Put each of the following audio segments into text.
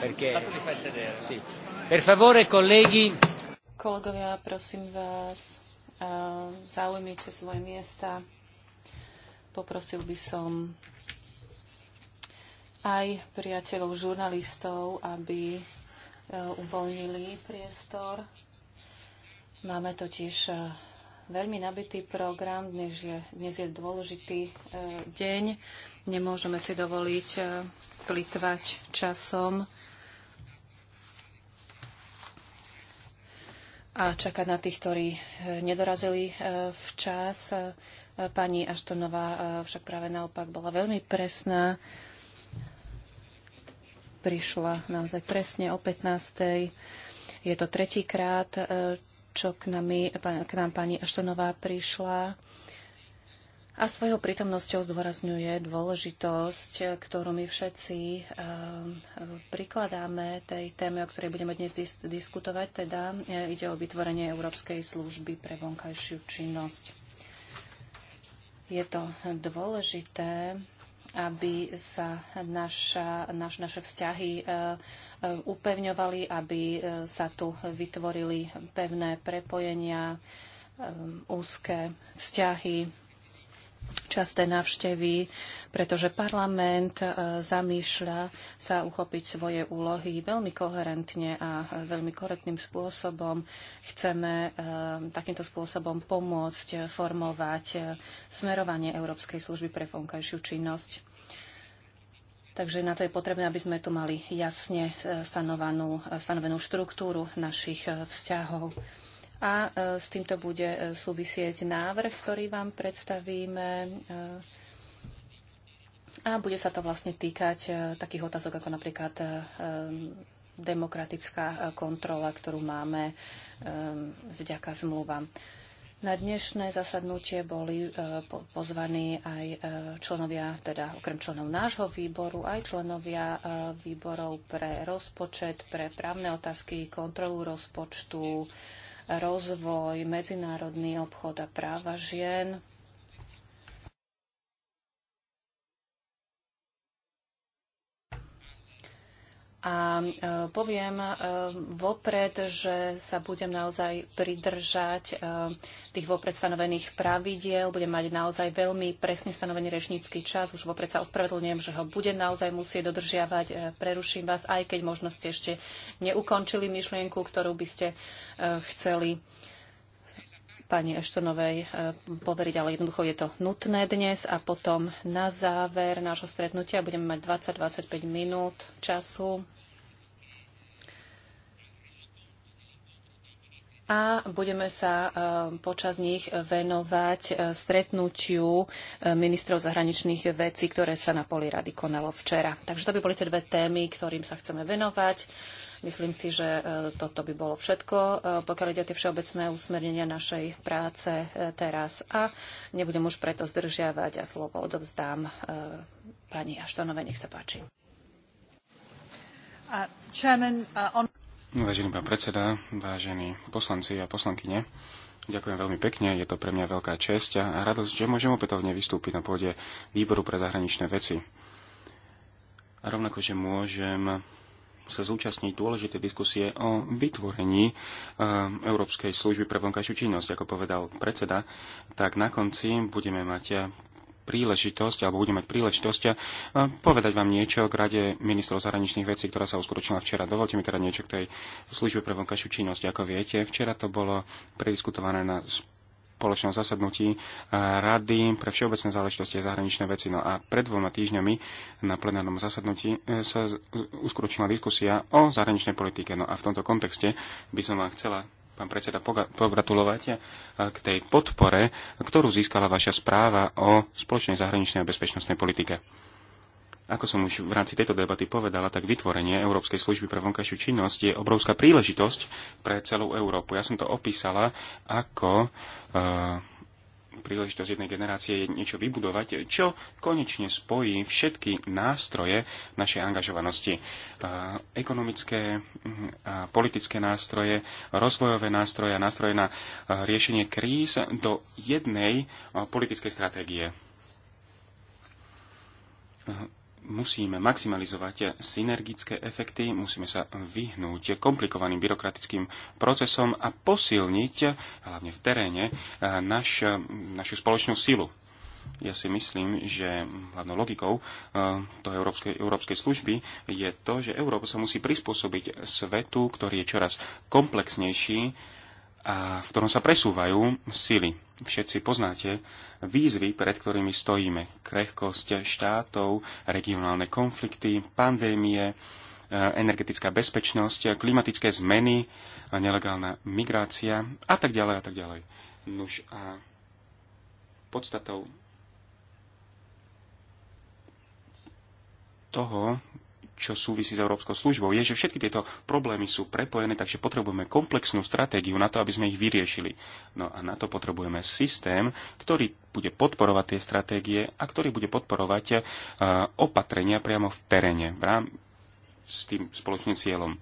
Perché... Sì. Per favore, colleghi. Kolegovia, prosím vás, eh, zaujmite svoje miesta. Poprosil by som aj priateľov žurnalistov, aby eh, uvoľnili priestor. Máme totiž eh, veľmi nabitý program, dnes je, dnes je dôležitý deň, nemôžeme si dovoliť e, plitvať časom. a čakať na tých, ktorí e, nedorazili e, včas. E, pani Aštonová však práve naopak bola veľmi presná. Prišla naozaj presne o 15. Je to tretíkrát, čo k, nami, k nám pani Aštonová prišla a svojou prítomnosťou zdôrazňuje dôležitosť, ktorú my všetci ehm, prikladáme tej téme, o ktorej budeme dnes dis- diskutovať, teda e, ide o vytvorenie Európskej služby pre vonkajšiu činnosť. Je to dôležité, aby sa naša, naš, naše vzťahy e, e, upevňovali, aby sa tu vytvorili pevné prepojenia, úzke vzťahy časté návštevy, pretože parlament e, zamýšľa sa uchopiť svoje úlohy veľmi koherentne a veľmi korektným spôsobom. Chceme e, takýmto spôsobom pomôcť formovať e, smerovanie Európskej služby pre vonkajšiu činnosť. Takže na to je potrebné, aby sme tu mali jasne stanovanú, stanovenú štruktúru našich vzťahov a e, s týmto bude e, súvisieť návrh, ktorý vám predstavíme e, a bude sa to vlastne týkať takých otázok ako napríklad demokratická kontrola, ktorú máme vďaka zmluvám. Na dnešné zasadnutie boli pozvaní aj členovia, teda okrem členov nášho výboru, aj členovia výborov pre rozpočet, pre právne otázky, kontrolu rozpočtu, rozvoj, medzinárodný obchod a práva žien. a e, poviem e, vopred, že sa budem naozaj pridržať e, tých vopred stanovených pravidiel, budem mať naozaj veľmi presne stanovený rečnícky čas, už vopred sa ospravedlňujem, že ho budem naozaj musieť dodržiavať, preruším vás, aj keď možno ste ešte neukončili myšlienku, ktorú by ste chceli pani Eštonovej e, poveriť, ale jednoducho je to nutné dnes a potom na záver nášho stretnutia budeme mať 20-25 minút času a budeme sa e, počas nich venovať e, stretnutiu ministrov zahraničných vecí, ktoré sa na poli rady konalo včera. Takže to by boli tie dve témy, ktorým sa chceme venovať. Myslím si, že e, toto by bolo všetko, e, pokiaľ ide o tie všeobecné usmernenia našej práce e, teraz. A nebudem už preto zdržiavať a slovo odovzdám pani Aštanove, nech sa páči. Uh, uh, Vážený pán predseda, vážení poslanci a poslankyne, Ďakujem veľmi pekne, je to pre mňa veľká česť a radosť, že môžem opätovne vystúpiť na pôde Výboru pre zahraničné veci. A rovnako, že môžem sa zúčastniť dôležité diskusie o vytvorení eh, Európskej služby pre vonkajšiu činnosť. Ako povedal predseda, tak na konci budeme mať eh, príležitosť, alebo budeme mať príležitosť eh, povedať vám niečo k Rade ministrov zahraničných vecí, ktorá sa uskutočnila včera. Dovolte mi teda niečo k tej službe pre vonkajšiu činnosť. Ako viete, včera to bolo prediskutované na spoločnom zasadnutí eh, Rady pre všeobecné záležitosti a zahraničné veci. No a pred dvoma týždňami na plenárnom zasadnutí eh, sa uskutočnila diskusia o zahraničnej politike. No a v tomto kontexte by som vám chcela pán predseda, pogratulovať eh, k tej podpore, ktorú získala vaša správa o spoločnej zahraničnej a bezpečnostnej politike. Ako som už v rámci tejto debaty povedala, tak vytvorenie Európskej služby pre vonkajšiu činnosť je obrovská príležitosť pre celú Európu. Ja som to opísala ako uh, príležitosť jednej generácie je niečo vybudovať, čo konečne spojí všetky nástroje našej angažovanosti. Uh, ekonomické mm, a politické nástroje, rozvojové nástroje a nástroje na uh, riešenie kríz do jednej politickej stratégie musíme maximalizovať synergické efekty, musíme sa vyhnúť komplikovaným byrokratickým procesom a posilniť, hlavne v teréne, naš, našu spoločnú silu. Ja si myslím, že hlavnou logikou eh, toho európskej, európskej služby je to, že Európa sa musí prispôsobiť svetu, ktorý je čoraz komplexnejší a v ktorom sa presúvajú sily všetci poznáte, výzvy, pred ktorými stojíme. Krehkosť štátov, regionálne konflikty, pandémie, e, energetická bezpečnosť, klimatické zmeny, nelegálna migrácia a tak ďalej a tak ďalej. Nuž a podstatou toho, čo súvisí s Európskou službou, je, že všetky tieto problémy sú prepojené, takže potrebujeme komplexnú stratégiu na to, aby sme ich vyriešili. No a na to potrebujeme systém, ktorý bude podporovať tie stratégie a ktorý bude podporovať e, opatrenia priamo v teréne s tým spoločným cieľom.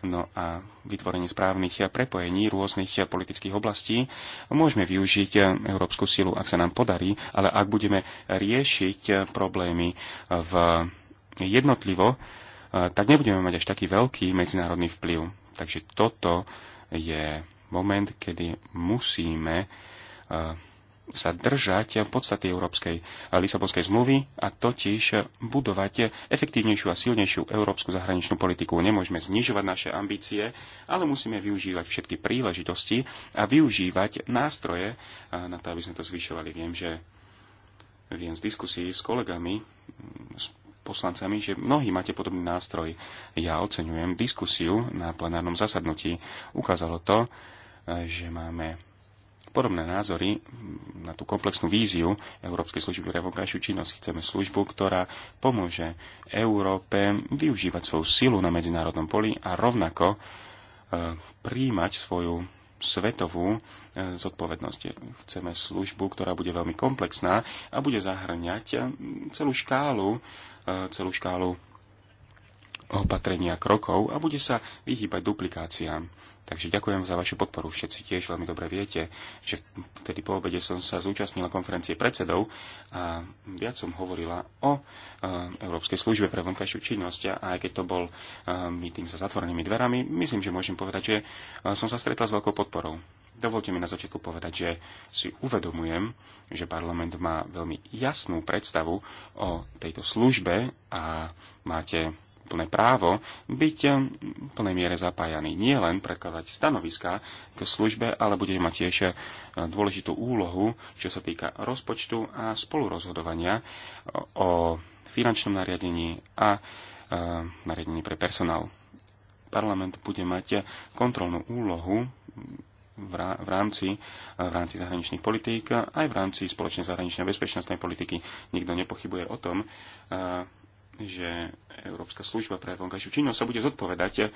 No a vytvorenie správnych prepojení rôznych politických oblastí môžeme využiť európsku silu, ak sa nám podarí, ale ak budeme riešiť problémy v jednotlivo, tak nebudeme mať až taký veľký medzinárodný vplyv. Takže toto je moment, kedy musíme sa držať v podstate Európskej Lisabonskej zmluvy a totiž budovať efektívnejšiu a silnejšiu európsku zahraničnú politiku. Nemôžeme znižovať naše ambície, ale musíme využívať všetky príležitosti a využívať nástroje na to, aby sme to zvyšovali. Viem, že viem z diskusí s kolegami z poslancami, že mnohí máte podobný nástroj. Ja oceňujem diskusiu na plenárnom zasadnutí. Ukázalo to, e, že máme podobné názory na tú komplexnú víziu Európskej služby pre vonkajšiu činnosť. Chceme službu, ktorá pomôže Európe využívať svoju silu na medzinárodnom poli a rovnako e, príjmať svoju svetovú e, zodpovednosť. Chceme službu, ktorá bude veľmi komplexná a bude zahrňať celú škálu celú škálu opatrenia krokov a bude sa vyhýbať duplikáciám. Takže ďakujem za vašu podporu. Všetci tiež veľmi dobre viete, že vtedy po obede som sa zúčastnila konferencie predsedov a viac som hovorila o e, Európskej službe pre vonkajšiu činnosť a aj keď to bol e, meeting sa zatvorenými dverami, myslím, že môžem povedať, že e, som sa stretla s veľkou podporou. Dovolte mi na začiatku povedať, že si uvedomujem, že parlament má veľmi jasnú predstavu o tejto službe a máte plné právo byť v plnej miere zapájaný. Nie len predkladať stanoviska k službe, ale bude mať tiež dôležitú úlohu, čo sa týka rozpočtu a spolurozhodovania o finančnom nariadení a e, nariadení pre personál. Parlament bude mať kontrolnú úlohu v rámci, eh, v rámci zahraničných politík, aj v rámci spoločnej zahraničnej bezpečnostnej politiky. Nikto nepochybuje o tom, eh, že Európska služba pre vonkajšiu činnosť sa bude zodpovedať eh,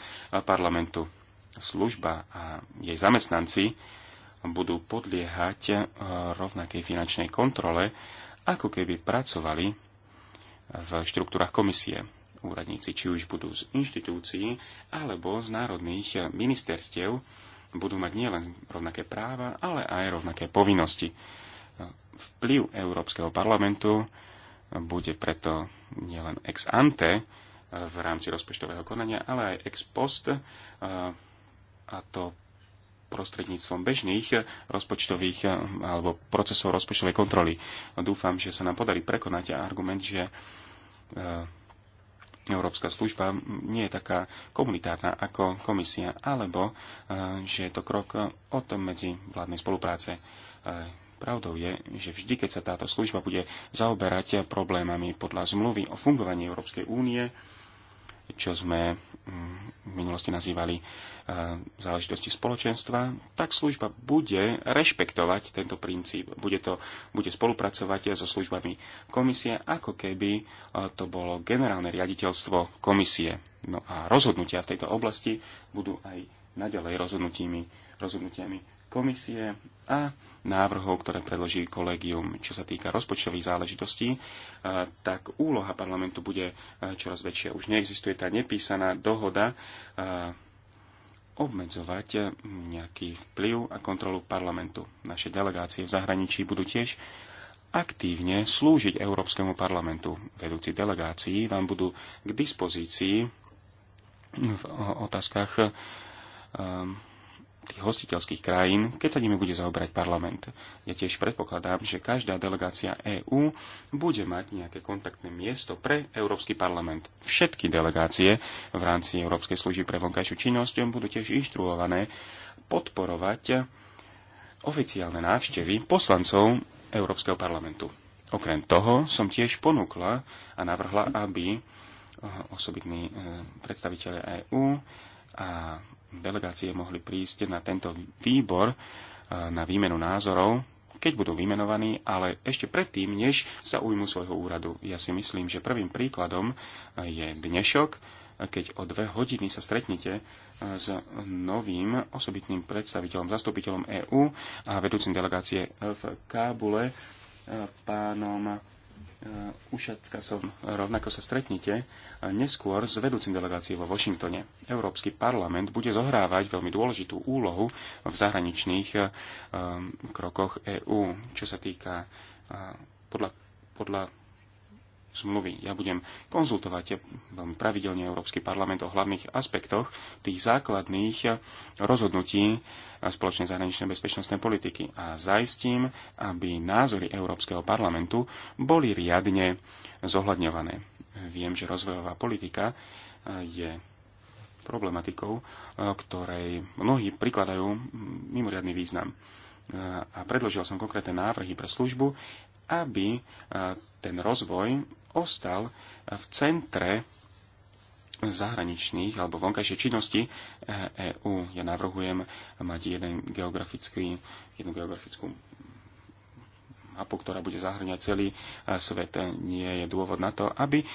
parlamentu. Služba a jej zamestnanci budú podliehať rovnakej finančnej kontrole, ako keby pracovali v štruktúrach komisie. Úradníci či už budú z inštitúcií alebo z národných ministerstiev, budú mať nielen rovnaké práva, ale aj rovnaké povinnosti. Vplyv Európskeho parlamentu bude preto nielen ex ante v rámci rozpočtového konania, ale aj ex post eh, a to prostredníctvom bežných rozpočtových eh, alebo procesov rozpočtovej kontroly. Dúfam, že sa nám podarí prekonať argument, že eh, Európska služba nie je taká komunitárna ako komisia, alebo eh, že je to krok o tom medzi vládnej spolupráce. Eh, pravdou je, že vždy, keď sa táto služba bude zaoberať problémami podľa zmluvy o fungovaní Európskej únie, čo sme mm, v minulosti nazývali e, záležitosti spoločenstva, tak služba bude rešpektovať tento princíp, bude, to, bude spolupracovať so službami komisie, ako keby e, to bolo generálne riaditeľstvo komisie. No a rozhodnutia v tejto oblasti budú aj naďalej rozhodnutiami, rozhodnutiami komisie a návrhov, ktoré predloží kolegium, čo sa týka rozpočtových záležitostí, tak úloha parlamentu bude čoraz väčšia. Už neexistuje tá nepísaná dohoda obmedzovať nejaký vplyv a kontrolu parlamentu. Naše delegácie v zahraničí budú tiež aktívne slúžiť Európskemu parlamentu. Vedúci delegácií vám budú k dispozícii v otázkach um, tých hostiteľských krajín, keď sa nimi bude zaoberať parlament. Ja tiež predpokladám, že každá delegácia EÚ bude mať nejaké kontaktné miesto pre Európsky parlament. Všetky delegácie v rámci Európskej služby pre vonkajšiu činnosť budú tiež inštruované podporovať oficiálne návštevy poslancov Európskeho parlamentu. Okrem toho som tiež ponúkla a navrhla, aby eh, osobitní eh, predstaviteľe EÚ a delegácie mohli prísť na tento výbor e, na výmenu názorov, keď budú vymenovaní, ale ešte predtým, než sa ujmu svojho úradu. Ja si myslím, že prvým príkladom e, je dnešok, e, keď o dve hodiny sa stretnete s novým osobitným predstaviteľom, zastupiteľom EÚ a vedúcim delegácie v Kábule, pánom Ušetka uh, som, rovnako sa stretnite uh, neskôr s vedúcim delegácií vo Washingtone. Európsky parlament bude zohrávať veľmi dôležitú úlohu v zahraničných uh, um, krokoch EÚ, čo sa týka podľa, podľa zmluvy. Ja budem konzultovať veľmi pravidelne Európsky parlament o hlavných aspektoch tých základných rozhodnutí spoločnej zahraničnej bezpečnostnej politiky a zaistím, aby názory Európskeho parlamentu boli riadne zohľadňované. Viem, že rozvojová politika je problematikou, ktorej mnohí prikladajú mimoriadný význam. A predložil som konkrétne návrhy pre službu, aby ten rozvoj ostal v centre zahraničných alebo vonkajšej činnosti EÚ. Eh, e ja navrhujem mať jeden geografický, jednu geografickú mapu, ktorá bude zahrňať celý eh, svet. Nie je dôvod na to, aby eh,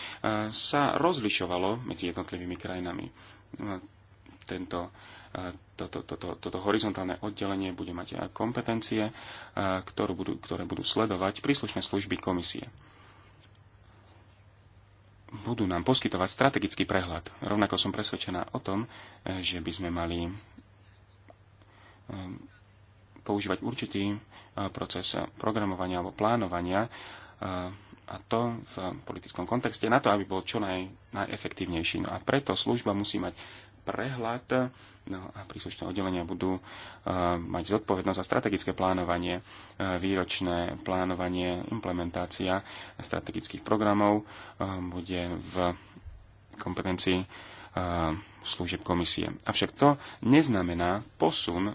sa rozlišovalo medzi jednotlivými krajinami. No, tento, toto, toto, toto horizontálne oddelenie bude mať kompetencie, ktoré budú, ktoré budú sledovať príslušné služby komisie budú nám poskytovať strategický prehľad. Rovnako som presvedčená o tom, eh, že by sme mali eh, používať určitý eh, proces programovania alebo plánovania a to v politickom kontexte na to, aby bol čo naj, najefektívnejší. No a preto služba musí mať prehľad. No a príslušné oddelenia budú e, mať zodpovednosť za strategické plánovanie, e, výročné plánovanie, implementácia strategických programov e, bude v kompetencii služieb komisie. Avšak to neznamená posun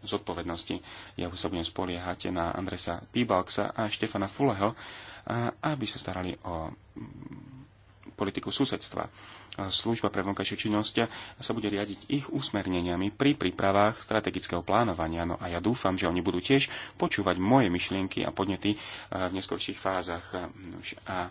zodpovednosti. Ja už sa budem spoliehať na Andresa Pibalksa a Štefana Fuleho, aby sa starali o politiku susedstva služba pre vonkajšiu činnosť sa bude riadiť ich usmerneniami pri prípravách strategického plánovania. No a ja dúfam, že oni budú tiež počúvať moje myšlienky a podnety eh, v neskorších fázach. A eh,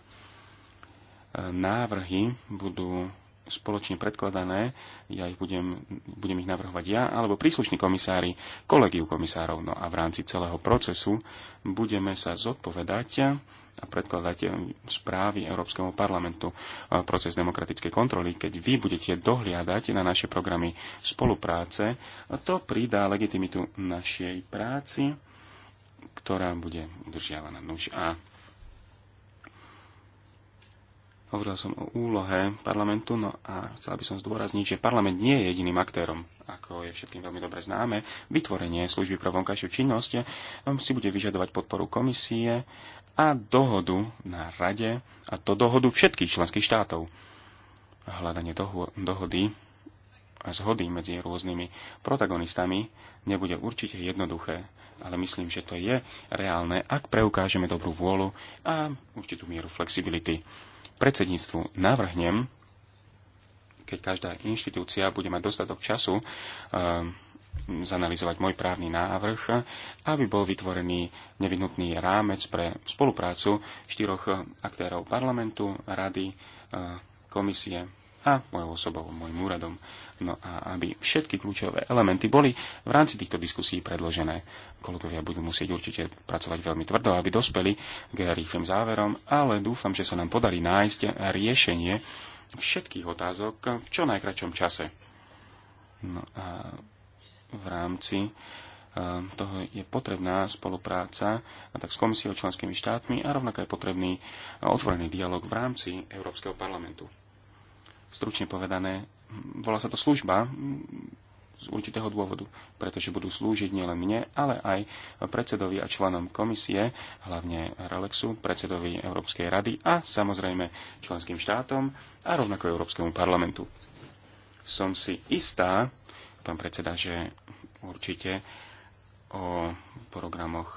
návrhy budú spoločne predkladané, ja ich budem, budem ich navrhovať ja, alebo príslušní komisári, kolegiu komisárov. No a v rámci celého procesu budeme sa zodpovedať a predkladáte eh, správy Európskemu parlamentu eh, proces demokratickej kontroly. Keď vy budete dohliadať na naše programy spolupráce, to pridá legitimitu našej práci, ktorá bude udržiavaná nuž a Hovoril som o úlohe parlamentu, no a chcel by som zdôrazniť, že parlament nie je jediným aktérom ako je všetkým veľmi dobre známe, vytvorenie služby pre vonkajšiu činnosť um, si bude vyžadovať podporu komisie a dohodu na rade a to dohodu všetkých členských štátov. Hľadanie doho- dohody a zhody medzi rôznymi protagonistami nebude určite jednoduché, ale myslím, že to je reálne, ak preukážeme dobrú vôľu a určitú mieru flexibility. Predsedníctvu navrhnem, keď každá inštitúcia bude mať dostatok času ehm, zanalizovať môj právny návrh, aby bol vytvorený nevyhnutný rámec pre spoluprácu štyroch aktérov parlamentu, rady, ehm, komisie a mojou osobou, môjim úradom. No a aby všetky kľúčové elementy boli v rámci týchto diskusí predložené. Kolegovia budú musieť určite pracovať veľmi tvrdo, aby dospeli k rýchlym záverom, ale dúfam, že sa nám podarí nájsť riešenie, všetkých otázok v čo najkračom čase. No a v rámci e, toho je potrebná spolupráca a tak s komisiou členskými štátmi a rovnako je potrebný otvorený dialog v rámci Európskeho parlamentu. Stručne povedané, volá sa to služba, z určitého dôvodu, pretože budú slúžiť nielen mne, ale aj predsedovi a členom komisie, hlavne Relexu, predsedovi Európskej rady a samozrejme členským štátom a rovnako Európskemu parlamentu. Som si istá, pán predseda, že určite o programoch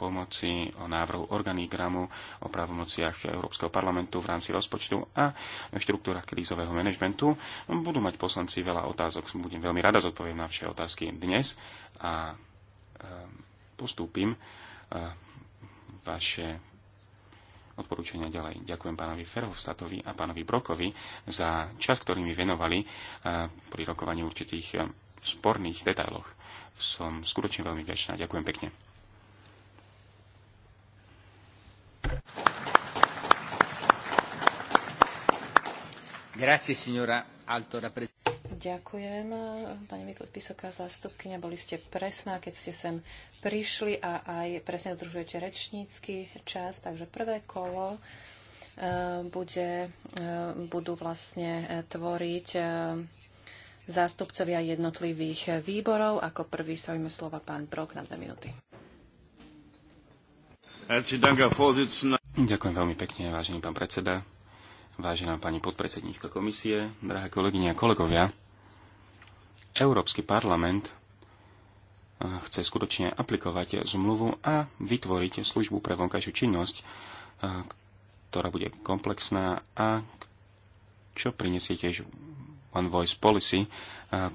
pomoci, o návrhu organigramu, o právomociach Európskeho parlamentu v rámci rozpočtu a štruktúrach krízového manažmentu. Budú mať poslanci veľa otázok, budem veľmi rada zodpoviem na všetky otázky dnes a e, postúpim e, vaše odporúčania ďalej. Ďakujem pánovi Ferhofstatovi a pánovi Brokovi za čas, ktorý mi venovali e, pri rokovaní určitých sporných detailoch. Som skutočne veľmi vďačná. Ďakujem pekne. Grazie, signora alto Ďakujem, pani vysoká Pisoká, zástupkynia. Boli ste presná, keď ste sem prišli a aj presne dodržujete rečnícky čas. Takže prvé kolo eh, bude, eh, budú vlastne eh, tvoriť zástupcovia jednotlivých výborov. Ako prvý sa slova pán Brok na dve minúty. Ďakujem veľmi pekne, vážený pán predseda, vážená pani podpredsedníčka komisie, drahé kolegyne a kolegovia. Európsky parlament eh, chce skutočne aplikovať zmluvu a vytvoriť službu pre vonkajšiu činnosť, eh, ktorá bude komplexná a čo prinesie tiež One Voice Policy eh,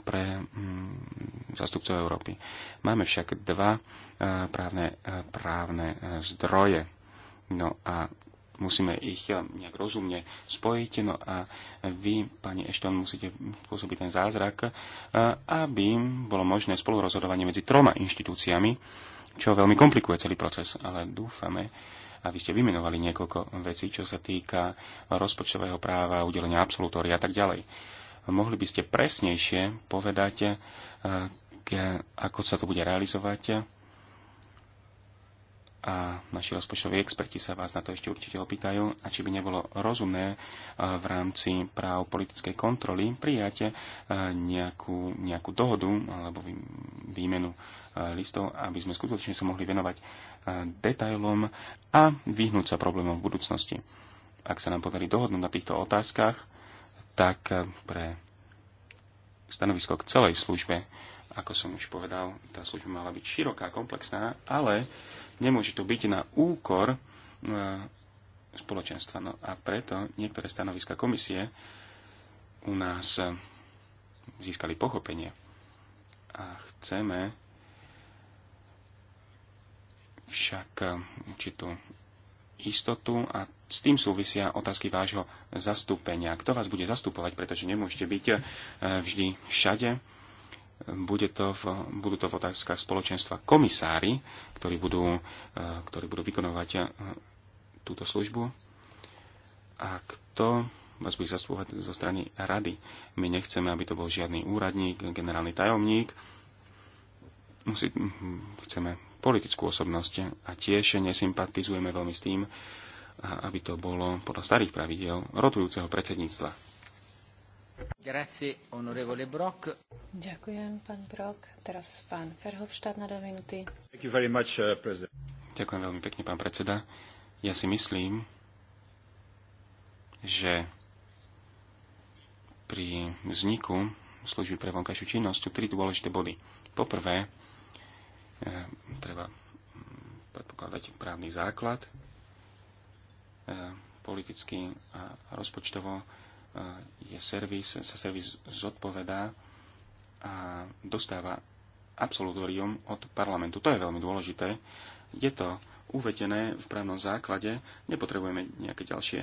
pre mm, zastupcov Európy. Máme však dva eh, právne, eh, právne zdroje. No a musíme ich nejak rozumne spojiť. No a vy, pani Ešton, musíte pôsobiť ten zázrak, aby bolo možné spolurozhodovanie medzi troma inštitúciami, čo veľmi komplikuje celý proces. Ale dúfame, a vy ste vymenovali niekoľko vecí, čo sa týka rozpočtového práva, udelenia absolutória a tak ďalej. Mohli by ste presnejšie povedať, e, ako sa to bude realizovať? A naši rozpočtoví experti sa vás na to ešte určite opýtajú, a či by nebolo rozumné e, v rámci práv politickej kontroly prijať e, nejakú, nejakú dohodu alebo výmenu listov, aby sme skutočne sa mohli venovať detailom a vyhnúť sa problémom v budúcnosti. Ak sa nám podarí dohodnúť na týchto otázkach, tak eh, pre stanovisko k celej službe, ako som už povedal, tá služba mala byť široká, komplexná, ale nemôže to byť na úkor eh, spoločenstva. No a preto niektoré stanoviska komisie u nás eh, získali pochopenie. A chceme však určitú istotu a s tým súvisia otázky vášho zastúpenia. Kto vás bude zastupovať, pretože nemôžete byť e, vždy všade. Bude to v, budú to v otázkach spoločenstva komisári, ktorí budú, e, ktorí budú vykonovať e, túto službu. A kto vás bude zastupovať zo strany rady? My nechceme, aby to bol žiadny úradník, generálny tajomník. Musí, hm, chceme politickú osobnosť a tiež nesympatizujeme veľmi s tým, aby to bolo podľa starých pravidel rotujúceho predsedníctva. Grazie, onorevole Brock. Ďakujem, pán Brock. Teraz pán Ferhovštát na dve minúty. Uh, Ďakujem veľmi pekne, pán predseda. Ja si myslím, že pri vzniku služby pre vonkajšiu činnosť sú tri dôležité body. Poprvé, Eh, treba mm, predpokladať právny základ, eh, politicky a rozpočtovo eh, je servis, sa servis zodpovedá a dostáva absolutorium od parlamentu. To je veľmi dôležité. Je to uvedené v právnom základe, nepotrebujeme nejaké ďalšie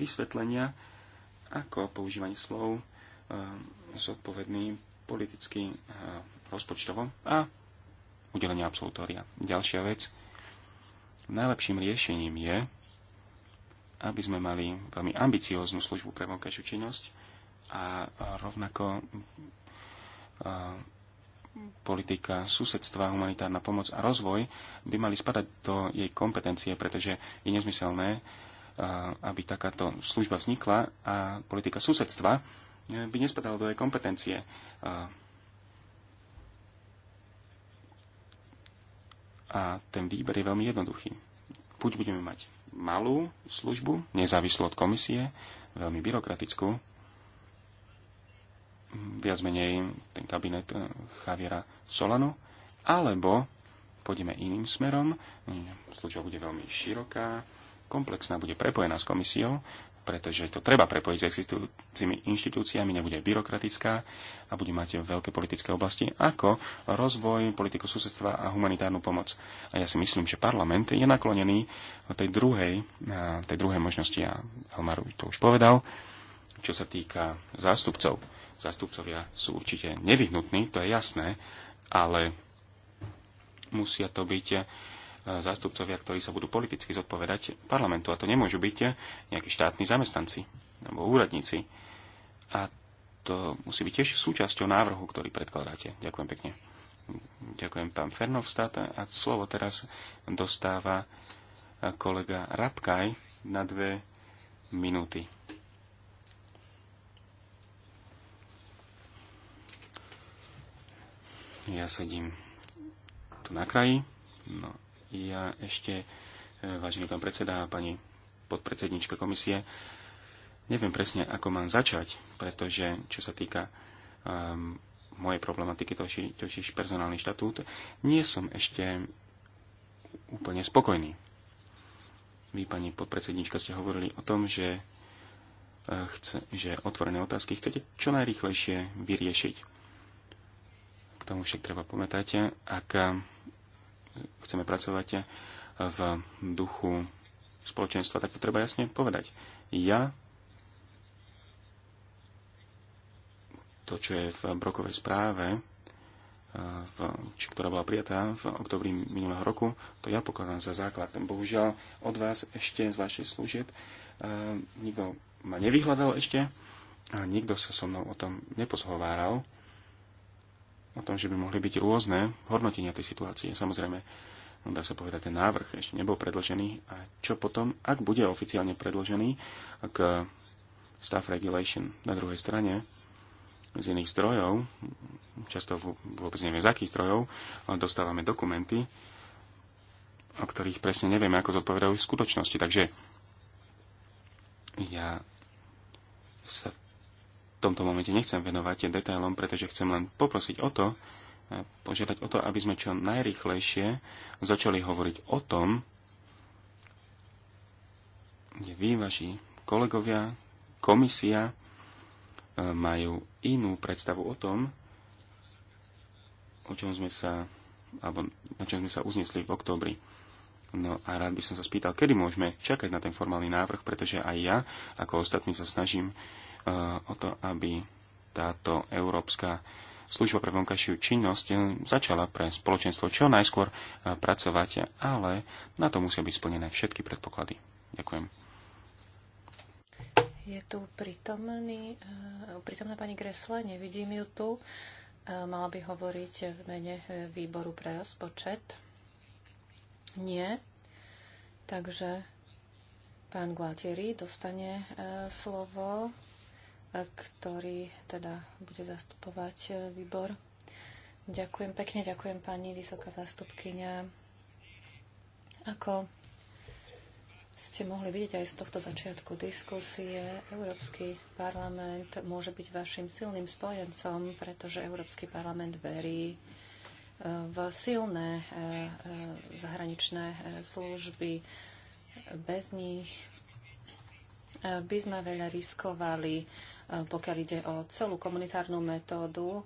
vysvetlenia, ako používanie slov zodpovedný politicky rozpočtovo a udelenia absolutória. Ďalšia vec. Najlepším riešením je, aby sme mali veľmi ambicióznu službu pre vonkajšiu činnosť a rovnako politika susedstva, humanitárna pomoc a rozvoj by mali spadať do jej kompetencie, pretože je nezmyselné, aby takáto služba vznikla a politika susedstva e, by nespadala do jej kompetencie. A ten výber je veľmi jednoduchý. Buď budeme mať malú službu, nezávislú od komisie, veľmi byrokratickú, viac menej ten kabinet eh, Javiera Solanu, alebo pôjdeme iným smerom, služba bude veľmi široká, komplexná, bude prepojená s komisiou pretože to treba prepojiť s existujúcimi inštitúciami, nebude byrokratická a bude mať veľké politické oblasti, ako rozvoj, politiku susedstva a humanitárnu pomoc. A ja si myslím, že parlament je naklonený tej druhej, tej druhej možnosti, a Elmar to už povedal, čo sa týka zástupcov. Zástupcovia sú určite nevyhnutní, to je jasné, ale musia to byť zástupcovia, ktorí sa budú politicky zodpovedať parlamentu. A to nemôžu byť nejakí štátni zamestnanci alebo úradníci. A to musí byť tiež súčasťou návrhu, ktorý predkladáte. Ďakujem pekne. Ďakujem pán Fernovstát. A slovo teraz dostáva kolega Rabkaj na dve minúty. Ja sedím tu na kraji. No ja ešte, e, vážený pán predseda a pani podpredsednička komisie, neviem presne, ako mám začať, pretože čo sa týka um, mojej problematiky, totiž, totiž personálny štatút, nie som ešte úplne spokojný. Vy, pani podpredsednička, ste hovorili o tom, že, e, chce, že otvorené otázky chcete čo najrýchlejšie vyriešiť. K tomu však treba pamätať, ak chceme pracovať v duchu spoločenstva, tak to treba jasne povedať. Ja to, čo je v brokovej správe, eh, v, či, ktorá bola prijatá v oktobri minulého roku, to ja pokladám za základ. Bohužiaľ, od vás ešte z vašich služieb eh, nikto ma nevyhľadal ešte a nikto sa so mnou o tom nepozhováral o tom, že by mohli byť rôzne hodnotenia tej situácie. Samozrejme, dá sa povedať, ten návrh ešte nebol predložený. A čo potom, ak bude oficiálne predložený k staff regulation na druhej strane z iných zdrojov, často vôbec nevieme, z akých zdrojov, dostávame dokumenty, o ktorých presne nevieme, ako zodpovedajú v skutočnosti. Takže ja sa tomto momente nechcem venovať detailom, pretože chcem len poprosiť o to, eh, požiadať o to, aby sme čo najrychlejšie začali hovoriť o tom, kde vy, vaši kolegovia, komisia eh, majú inú predstavu o tom, o čom sme sa, alebo na čom sme sa uznesli v októbri. No a rád by som sa spýtal, kedy môžeme čakať na ten formálny návrh, pretože aj ja, ako ostatní, sa snažím uh, o to, aby táto európska služba pre vonkajšiu činnosť eh, začala pre spoločenstvo čo najskôr eh, pracovať, ale na to musia byť splnené všetky predpoklady. Ďakujem. Je tu prítomný, eh, prítomná pani Gresle, nevidím ju tu. Mala by hovoriť v mene výboru pre rozpočet. Nie. Takže pán Gualtieri dostane slovo ktorý teda bude zastupovať e, výbor. Ďakujem pekne, ďakujem pani vysoká zastupkynia. Ako ste mohli vidieť aj z tohto začiatku diskusie, Európsky parlament môže byť vašim silným spojencom, pretože Európsky parlament verí e, v silné e, zahraničné služby. Bez nich by sme veľa riskovali Eh, pokiaľ ide o celú komunitárnu metódu,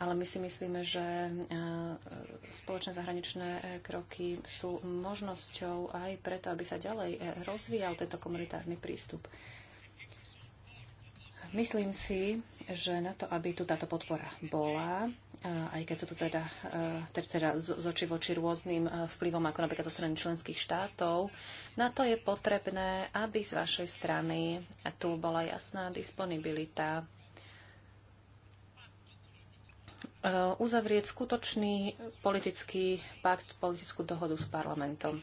ale my si myslíme, že eh, spoločné zahraničné eh, kroky sú možnosťou aj preto, aby sa ďalej rozvíjal tento komunitárny prístup. Myslím si, že na to, aby tu táto podpora bola, aj keď sa tu teda, e, teda z očí voči rôznym e, vplyvom, ako napríklad zo strany členských štátov, na to je potrebné, aby z vašej strany tu bola jasná disponibilita e, uzavrieť skutočný politický pakt, politickú dohodu s parlamentom.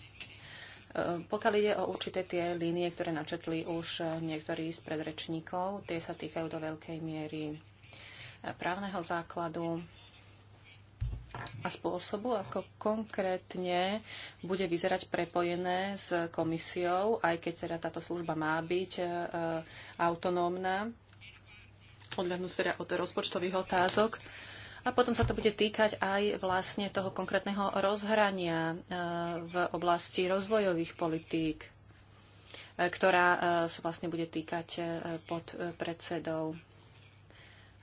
Ehm, pokiaľ ide o určité tie línie, ktoré načetli už e, niektorí z predrečníkov, tie sa týkajú do veľkej miery e, právneho základu a spôsobu, ako konkrétne bude vyzerať prepojené s komisiou, aj keď teda táto služba má byť e, autonómna, odľadnúť teda od rozpočtových otázok. A potom sa to bude týkať aj vlastne toho konkrétneho rozhrania e, v oblasti rozvojových politík, e, ktorá e, sa vlastne bude týkať pod predsedou.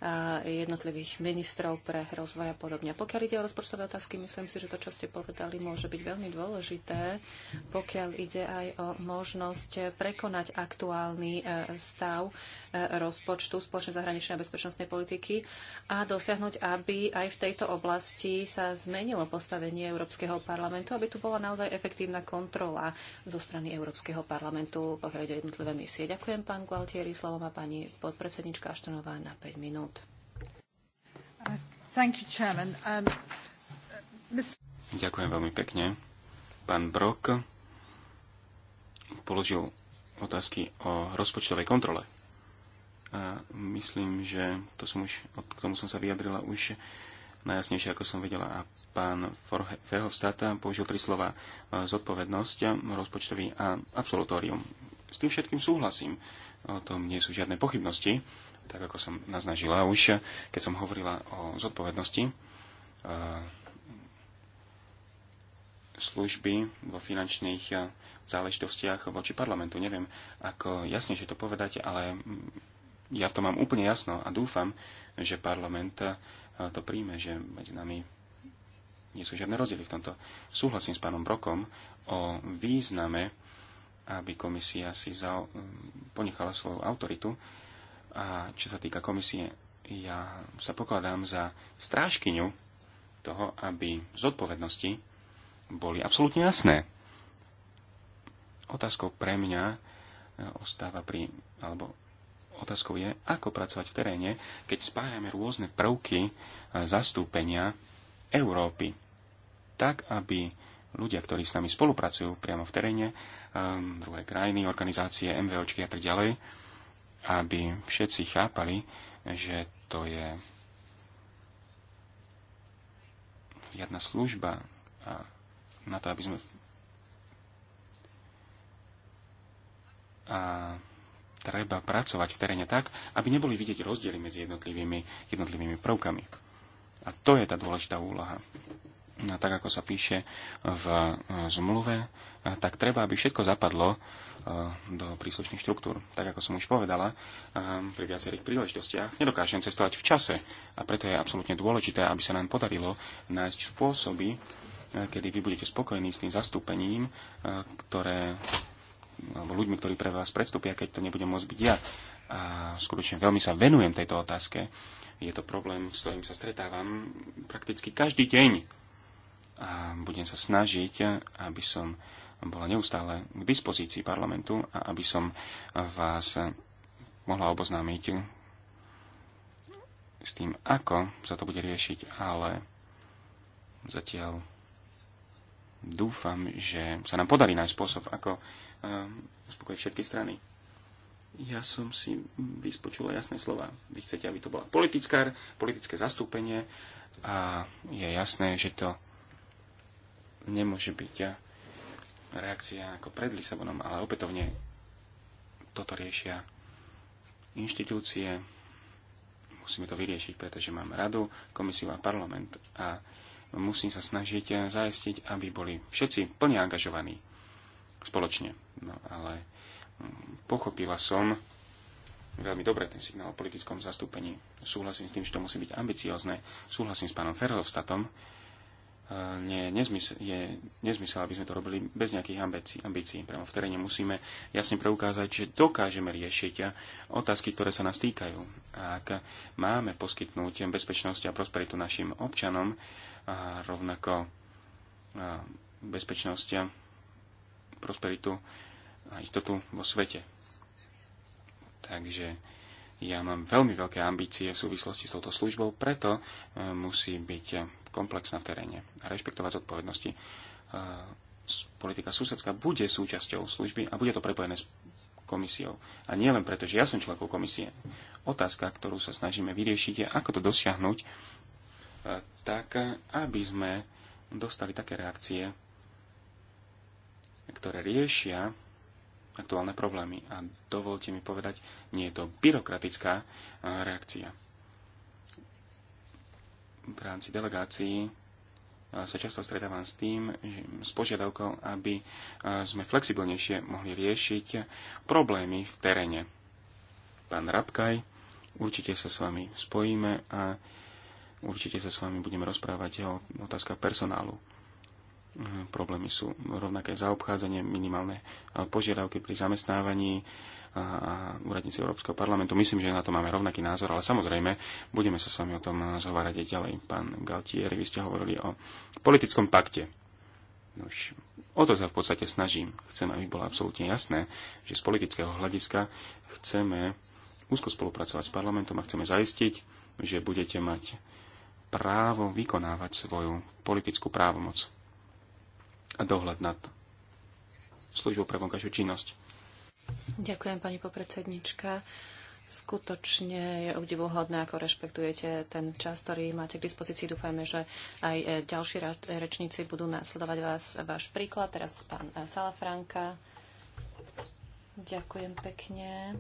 Eh, jednotlivých ministrov pre rozvoj a podobne. Pokiaľ ide o rozpočtové otázky, myslím si, že to, čo ste povedali, môže byť veľmi dôležité, pokiaľ ide aj o možnosť prekonať aktuálny eh, stav eh, rozpočtu spoločnej zahraničnej a bezpečnostnej politiky a dosiahnuť, aby aj v tejto oblasti sa zmenilo postavenie Európskeho parlamentu, aby tu bola naozaj efektívna kontrola zo strany Európskeho parlamentu, pokiaľ ide jednotlivé misie. Ďakujem, pán Gualtieri, slovo má pani podpredsednička Aštonová na 5 minút. Um, uh, Ďakujem veľmi pekne. Pán Brok položil otázky o rozpočtovej kontrole. A myslím, že to som už, k tomu som sa vyjadrila už najjasnejšie, ako som vedela. A pán Verhofstadt použil tri slova zodpovednosť, rozpočtový a absolutórium. S tým všetkým súhlasím. O tom nie sú žiadne pochybnosti tak ako som naznažila už, keď som hovorila o zodpovednosti eh, služby vo finančných eh, záležitostiach voči parlamentu. Neviem, ako jasne, že to povedať, ale mm, ja to mám úplne jasno a dúfam, že parlament eh, to príjme, že medzi nami nie sú žiadne rozdiely v tomto. Súhlasím s pánom Brokom o význame, aby komisia si mm, ponechala svoju autoritu a čo sa týka komisie, ja sa pokladám za strážkyňu toho, aby zodpovednosti boli absolútne jasné. Otázkou pre mňa e, ostáva pri, alebo otázkou je, ako pracovať v teréne, keď spájame rôzne prvky e, zastúpenia Európy. Tak, aby ľudia, ktorí s nami spolupracujú priamo v teréne, e, druhé krajiny, organizácie, MVOčky a tak ďalej, aby všetci chápali, že to je riadna služba a na to, aby sme a treba pracovať v teréne tak, aby neboli vidieť rozdiely medzi jednotlivými, jednotlivými prvkami. A to je tá dôležitá úloha tak ako sa píše v e, zmluve, e, tak treba, aby všetko zapadlo e, do príslušných štruktúr. Tak ako som už povedala, pri viacerých príležitostiach nedokážem cestovať v čase a preto je absolútne dôležité, aby sa nám podarilo nájsť spôsoby, kedy vy budete spokojní s tým zastúpením, ktoré, alebo ľuďmi, ktorí pre vás predstúpia, keď to nebudem môcť byť ja. A skutočne veľmi sa venujem tejto otázke. Je to problém, s ktorým sa stretávam prakticky každý deň a budem sa snažiť, aby som bola neustále k dispozícii parlamentu a aby som vás mohla oboznámiť s tým, ako sa to bude riešiť, ale zatiaľ dúfam, že sa nám podarí nájsť spôsob, ako eh, uspokojiť všetky strany. Ja som si vyspočula jasné slova. Vy chcete, aby to bola politická, politické zastúpenie a je jasné, že to nemôže byť reakcia ako pred Lisabonom, ale opätovne toto riešia inštitúcie. Musíme to vyriešiť, pretože mám radu, komisiu a parlament a musím sa snažiť zaistiť, aby boli všetci plne angažovaní spoločne. No ale mm, pochopila som veľmi dobre ten signál o politickom zastúpení. Súhlasím s tým, že to musí byť ambiciozne. Súhlasím s pánom Ferhovstatom, nie nezmysel, je nezmysel, aby sme to robili bez nejakých ambícií. ambícií. Priamo v teréne musíme jasne preukázať, že dokážeme riešiť otázky, ktoré sa nás týkajú. A ak máme poskytnúť bezpečnosť a prosperitu našim občanom, a rovnako a bezpečnosť a prosperitu a istotu vo svete. Takže ja mám veľmi veľké ambície v súvislosti s touto službou, preto e, musí byť komplexná v teréne a rešpektovať zodpovednosti. E, politika susedská bude súčasťou služby a bude to prepojené s komisiou. A nie len preto, že ja som človekou komisie. Otázka, ktorú sa snažíme vyriešiť, je, ako to dosiahnuť, e, tak aby sme dostali také reakcie, ktoré riešia aktuálne problémy. A dovolte mi povedať, nie je to byrokratická e, reakcia v rámci delegácií sa často stretávam s tým, že s požiadavkou, aby sme flexibilnejšie mohli riešiť problémy v teréne. Pán Rabkaj, určite sa s vami spojíme a určite sa s vami budeme rozprávať o otázkach personálu. Problémy sú rovnaké zaobchádzanie, minimálne požiadavky pri zamestnávaní, a úradníci Európskeho parlamentu. Myslím, že na to máme rovnaký názor, ale samozrejme budeme sa s vami o tom zhovárať aj ďalej. Pán Galtieri, vy ste hovorili o politickom pakte. Nož, o to sa v podstate snažím. Chcem, aby bolo absolútne jasné, že z politického hľadiska chceme úzko spolupracovať s parlamentom a chceme zaistiť, že budete mať právo vykonávať svoju politickú právomoc a dohľad nad službou pre vonkajšiu činnosť. Ďakujem, pani popredsednička. Skutočne je obdivuhodné, ako rešpektujete ten čas, ktorý máte k dispozícii. Dúfajme, že aj e, ďalší rečníci budú následovať vás, váš príklad. Teraz pán e, Salafranka. Ďakujem pekne.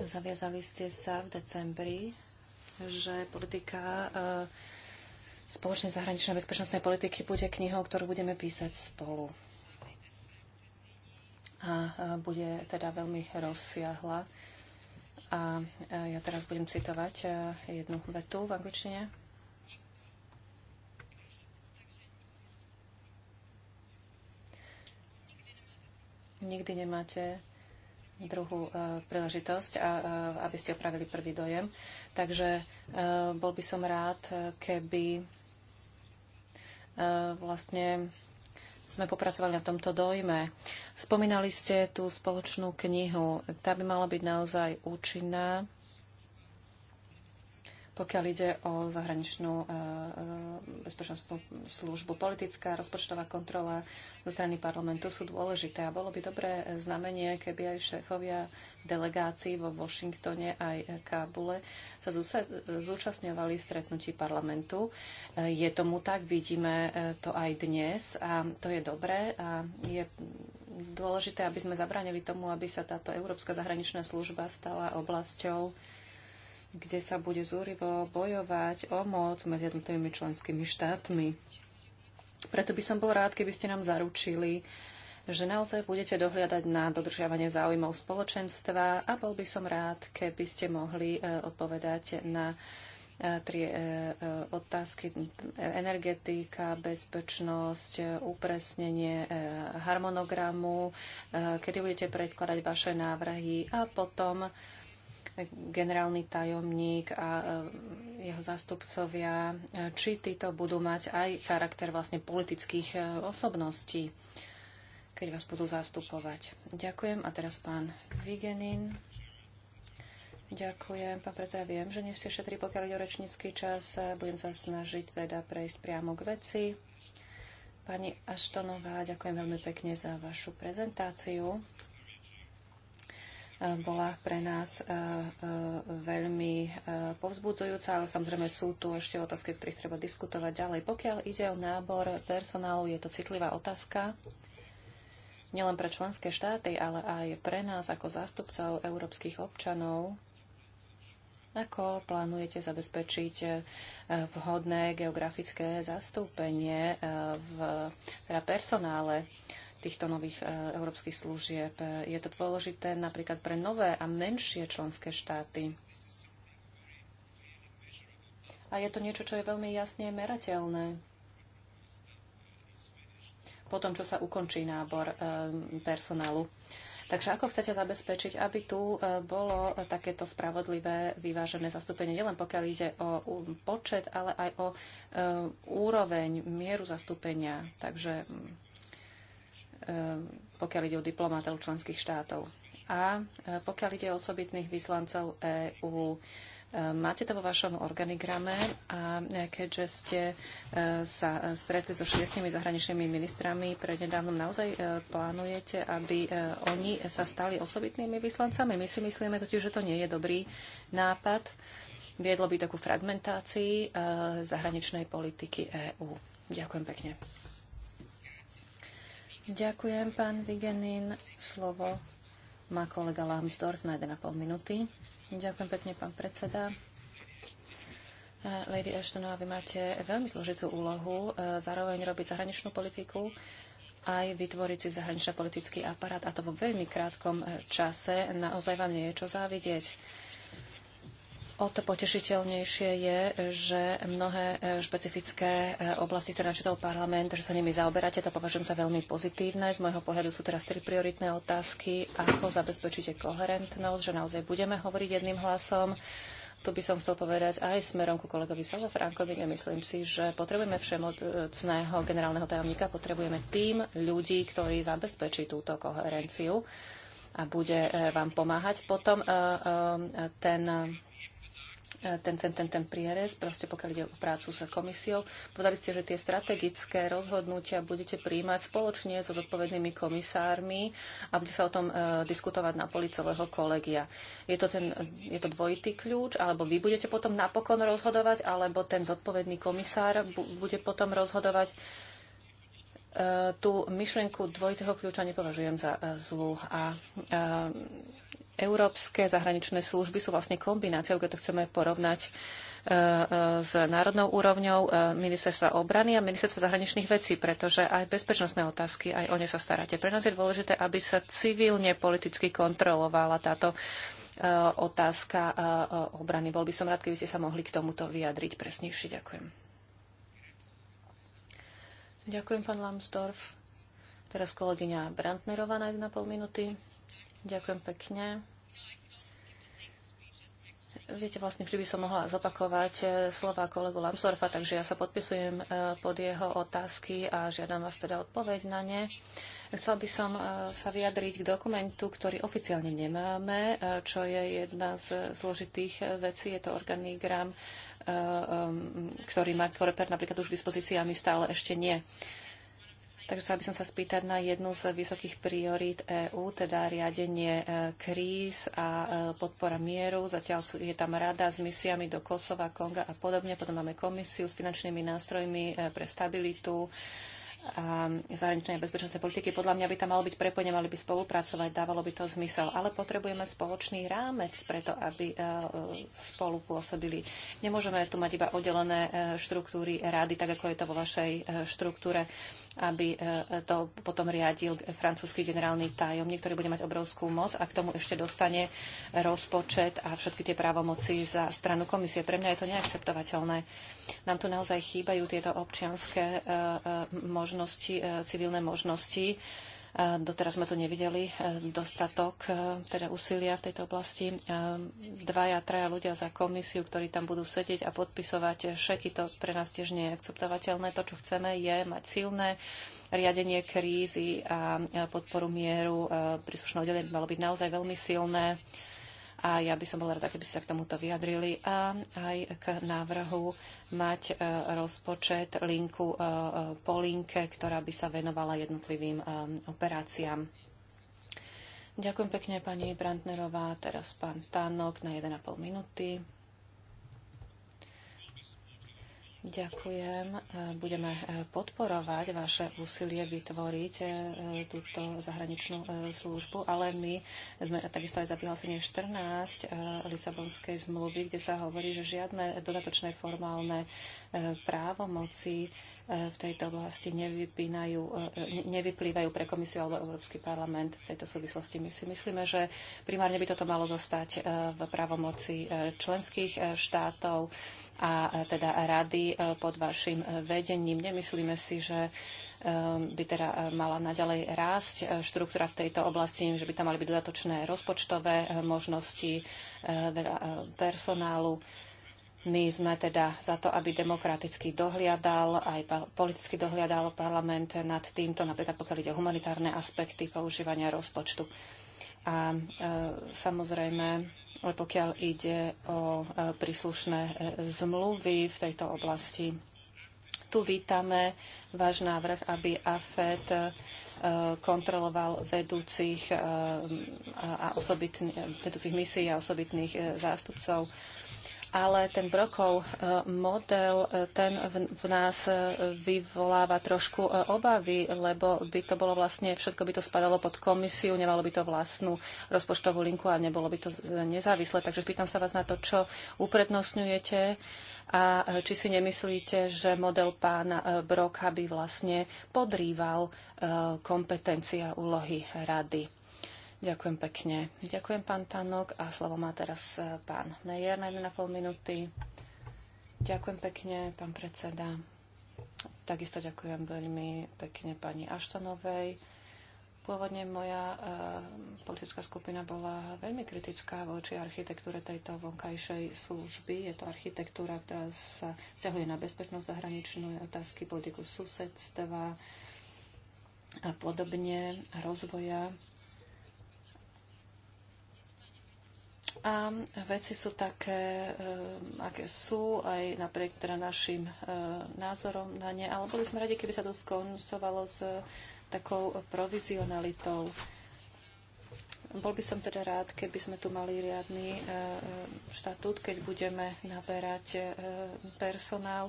Zaviazali ste sa v decembri, že politika e, spoločnej zahraničnej bezpečnostnej politiky bude knihou, ktorú budeme písať spolu a bude teda veľmi rozsiahla. A ja teraz budem citovať jednu vetu v angličtine. Nikdy nemáte druhú e, príležitosť, a, aby ste opravili prvý dojem. Takže e, bol by som rád, keby e, vlastne sme popracovali na tomto dojme. Spomínali ste tú spoločnú knihu. Tá by mala byť naozaj účinná pokiaľ ide o zahraničnú e, e, bezpečnostnú službu, politická rozpočtová kontrola zo strany parlamentu sú dôležité a bolo by dobré znamenie, keby aj šéfovia delegácií vo Washingtone aj Kábule sa zúčastňovali stretnutí parlamentu. E, je tomu tak, vidíme to aj dnes a to je dobré a je dôležité, aby sme zabránili tomu, aby sa táto Európska zahraničná služba stala oblasťou kde sa bude zúrivo bojovať o moc medzi jednotlivými členskými štátmi. Preto by som bol rád, keby ste nám zaručili, že naozaj budete dohliadať na dodržiavanie záujmov spoločenstva a bol by som rád, keby ste mohli e, odpovedať na e, tri e, otázky energetika, bezpečnosť, upresnenie harmonogramu, kedy budete predkladať vaše návrhy a potom generálny tajomník a e, jeho zástupcovia, e, či títo budú mať aj charakter vlastne politických e, osobností, keď vás budú zastupovať. Ďakujem. A teraz pán Vigenin. Ďakujem, pán predseda. Viem, že nie ste šetri, pokiaľ ide o rečnícky čas. Budem sa snažiť teda prejsť priamo k veci. Pani Aštonová, ďakujem veľmi pekne za vašu prezentáciu bola pre nás e, e, veľmi e, povzbudzujúca, ale samozrejme sú tu ešte otázky, o ktorých treba diskutovať ďalej. Pokiaľ ide o nábor personálu, je to citlivá otázka nielen pre členské štáty, ale aj pre nás ako zástupcov európskych občanov. Ako plánujete zabezpečiť vhodné geografické zastúpenie v teda personále? týchto nových e, európskych služieb. Je to dôležité napríklad pre nové a menšie členské štáty. A je to niečo, čo je veľmi jasne merateľné. Po tom, čo sa ukončí nábor e, personálu. Takže ako chcete zabezpečiť, aby tu e, bolo takéto spravodlivé vyvážené zastúpenie, nielen pokiaľ ide o počet, ale aj o úroveň, mieru zastúpenia. Takže Eh, pokiaľ ide o diplomatov členských štátov. A eh, pokiaľ ide o osobitných vyslancov EÚ, eh, máte to vo vašom organigrame a keďže ste sa stretli so šiestimi zahraničnými ministrami prednedávnom, naozaj plánujete, aby oni sa stali osobitnými vyslancami? My si myslíme totiž, že to nie je dobrý nápad. Viedlo by takú fragmentácii zahraničnej politiky EÚ. Ďakujem pekne. Ďakujem, pán Vigenin. Slovo má kolega Lambsdorff na 1,5 minúty. Ďakujem pekne, pán predseda. Eh, Lady Ashtonová, vy máte veľmi zložitú úlohu, eh, zároveň robiť zahraničnú politiku, aj vytvoriť si zahranično-politický aparát, a to vo veľmi krátkom eh, čase. Naozaj vám nie je čo závidieť. O to potešiteľnejšie je, že mnohé e, špecifické e, oblasti, ktoré načítal parlament, že sa nimi zaoberáte, to považujem za veľmi pozitívne. Z môjho pohľadu sú teraz tri prioritné otázky. Ako zabezpečíte koherentnosť, že naozaj budeme hovoriť jedným hlasom? Tu by som chcel povedať aj smerom ku kolegovi Salafránkovi. Nemyslím si, že potrebujeme všemocného generálneho tajomníka, potrebujeme tým ľudí, ktorí zabezpečí túto koherenciu a bude e, vám pomáhať potom ten Eh, ten, ten, ten, ten prierez, proste pokiaľ ide o prácu s komisiou. Povedali ste, že tie strategické rozhodnutia budete príjmať spoločne so zodpovednými komisármi a bude sa o tom uh, diskutovať na policového kolegia. Je to, ten, je to dvojitý kľúč, alebo vy budete potom napokon rozhodovať, alebo ten zodpovedný komisár bu, bude potom rozhodovať. Uh, tú myšlienku dvojitého kľúča nepovažujem za uh, zlú a uh, Európske zahraničné služby sú vlastne kombináciou, keď to chceme porovnať e, e, s národnou úrovňou e, ministerstva obrany a ministerstva zahraničných vecí, pretože aj bezpečnostné otázky, aj o ne sa staráte. Pre nás je dôležité, aby sa civilne politicky kontrolovala táto otázka obrany. Bol by som rád, keby ste sa mohli k tomuto vyjadriť presnejšie. Ďakujem. Ďakujem, pán Lambsdorff. Teraz kolegyňa Brantnerová na 1,5 minúty. Ďakujem pekne. Viete, vlastne vždy by som mohla zopakovať eh, slova kolegu Lamsorfa, takže ja sa podpisujem eh, pod jeho otázky a žiadam vás teda odpoveď na ne. Chcela by som eh, sa vyjadriť k dokumentu, ktorý oficiálne nemáme, čo je jedna z zložitých vecí. Je to organigram, ktorý má Koreper napríklad už v dispozícii a my stále ešte nie. Takže sa by som sa spýtať na jednu z vysokých priorít EÚ, teda riadenie e, kríz a e, podpora mieru. Zatiaľ sú, je tam rada s misiami do Kosova, Konga a podobne. Potom máme komisiu s finančnými nástrojmi e, pre stabilitu a zahraničnej a bezpečnostnej politiky. Podľa mňa by tam malo byť prepojenie, mali by spolupracovať, dávalo by to zmysel. Ale potrebujeme spoločný rámec preto, aby spolu pôsobili. Nemôžeme tu mať iba oddelené štruktúry rady, tak ako je to vo vašej štruktúre aby e, to potom riadil francúzsky generálny tajomník, ktorý bude mať obrovskú moc a k tomu ešte dostane rozpočet a všetky tie právomoci za stranu komisie. Pre mňa je to neakceptovateľné. Nám tu naozaj chýbajú tieto občianské e, e, možnosti, civilné možnosti Doteraz sme tu nevideli e, dostatok e, teda úsilia v tejto oblasti. Dvaja, traja ľudia za komisiu, ktorí tam budú sedieť a podpisovať e, všetky to pre nás tiež nie je akceptovateľné. To, čo chceme, je mať silné riadenie krízy a podporu mieru. príslušného oddelenia by malo byť naozaj veľmi silné a ja by som bola rada, keby ste sa k tomuto vyjadrili a aj k návrhu mať e, rozpočet linku e, e, po linke, ktorá by sa venovala jednotlivým operáciám. Ďakujem pekne pani Brandnerová, teraz pán Tánok na 1,5 minúty. Ďakujem. E, budeme e, podporovať vaše úsilie vytvoriť e, túto zahraničnú službu, ale my sme takisto aj za vyhlásenie 14 Lisabonskej zmluvy, kde sa hovorí, že žiadne dodatočné formálne právomoci v tejto oblasti nevyplývajú pre komisiu alebo Európsky parlament v tejto súvislosti. My si myslíme, že primárne by toto malo zostať v právomoci členských štátov a teda rady e, pod vašim e, vedením. Nemyslíme si, že e, by teda mala naďalej rásť štruktúra v tejto oblasti, že by tam mali byť dodatočné rozpočtové možnosti personálu. My sme teda za to, aby demokraticky dohliadal, aj politicky dohliadal parlament nad týmto, napríklad pokiaľ ide o humanitárne aspekty používania rozpočtu. A e, samozrejme, ale pokiaľ ide o e, príslušné e, zmluvy v tejto oblasti. Tu vítame váš návrh, aby AFED e, kontroloval vedúcich, a osobitný, vedúcich misií a osobitných zástupcov ale ten brokov e, model, e, ten v nás e, vyvoláva trošku obavy, lebo by to bolo vlastne, všetko by to spadalo pod komisiu, nemalo by to vlastnú rozpočtovú linku a nebolo by to nezávislé. Takže pýtam sa vás na to, čo uprednostňujete a či si nemyslíte, že model pána Broka by vlastne podrýval kompetencia úlohy rady. Ďakujem pekne. Ďakujem, pán Tanok. A slovo má teraz e, pán Mejer na 1,5 minúty. Ďakujem pekne, pán predseda. Takisto ďakujem veľmi pekne pani Aštonovej. Pôvodne moja e, politická skupina bola veľmi kritická voči architektúre tejto vonkajšej služby. Je to architektúra, ktorá sa vzťahuje na bezpečnosť zahraničnú otázky, politiku susedstva a podobne, rozvoja A veci sú také, eh, aké sú, aj napriek teda našim eh, názorom na ne. Ale boli sme radi, keby sa to skoncovalo s takou provizionalitou. Bol by som teda rád, keby sme tu mali riadny eh, štatút, keď budeme naberať personál.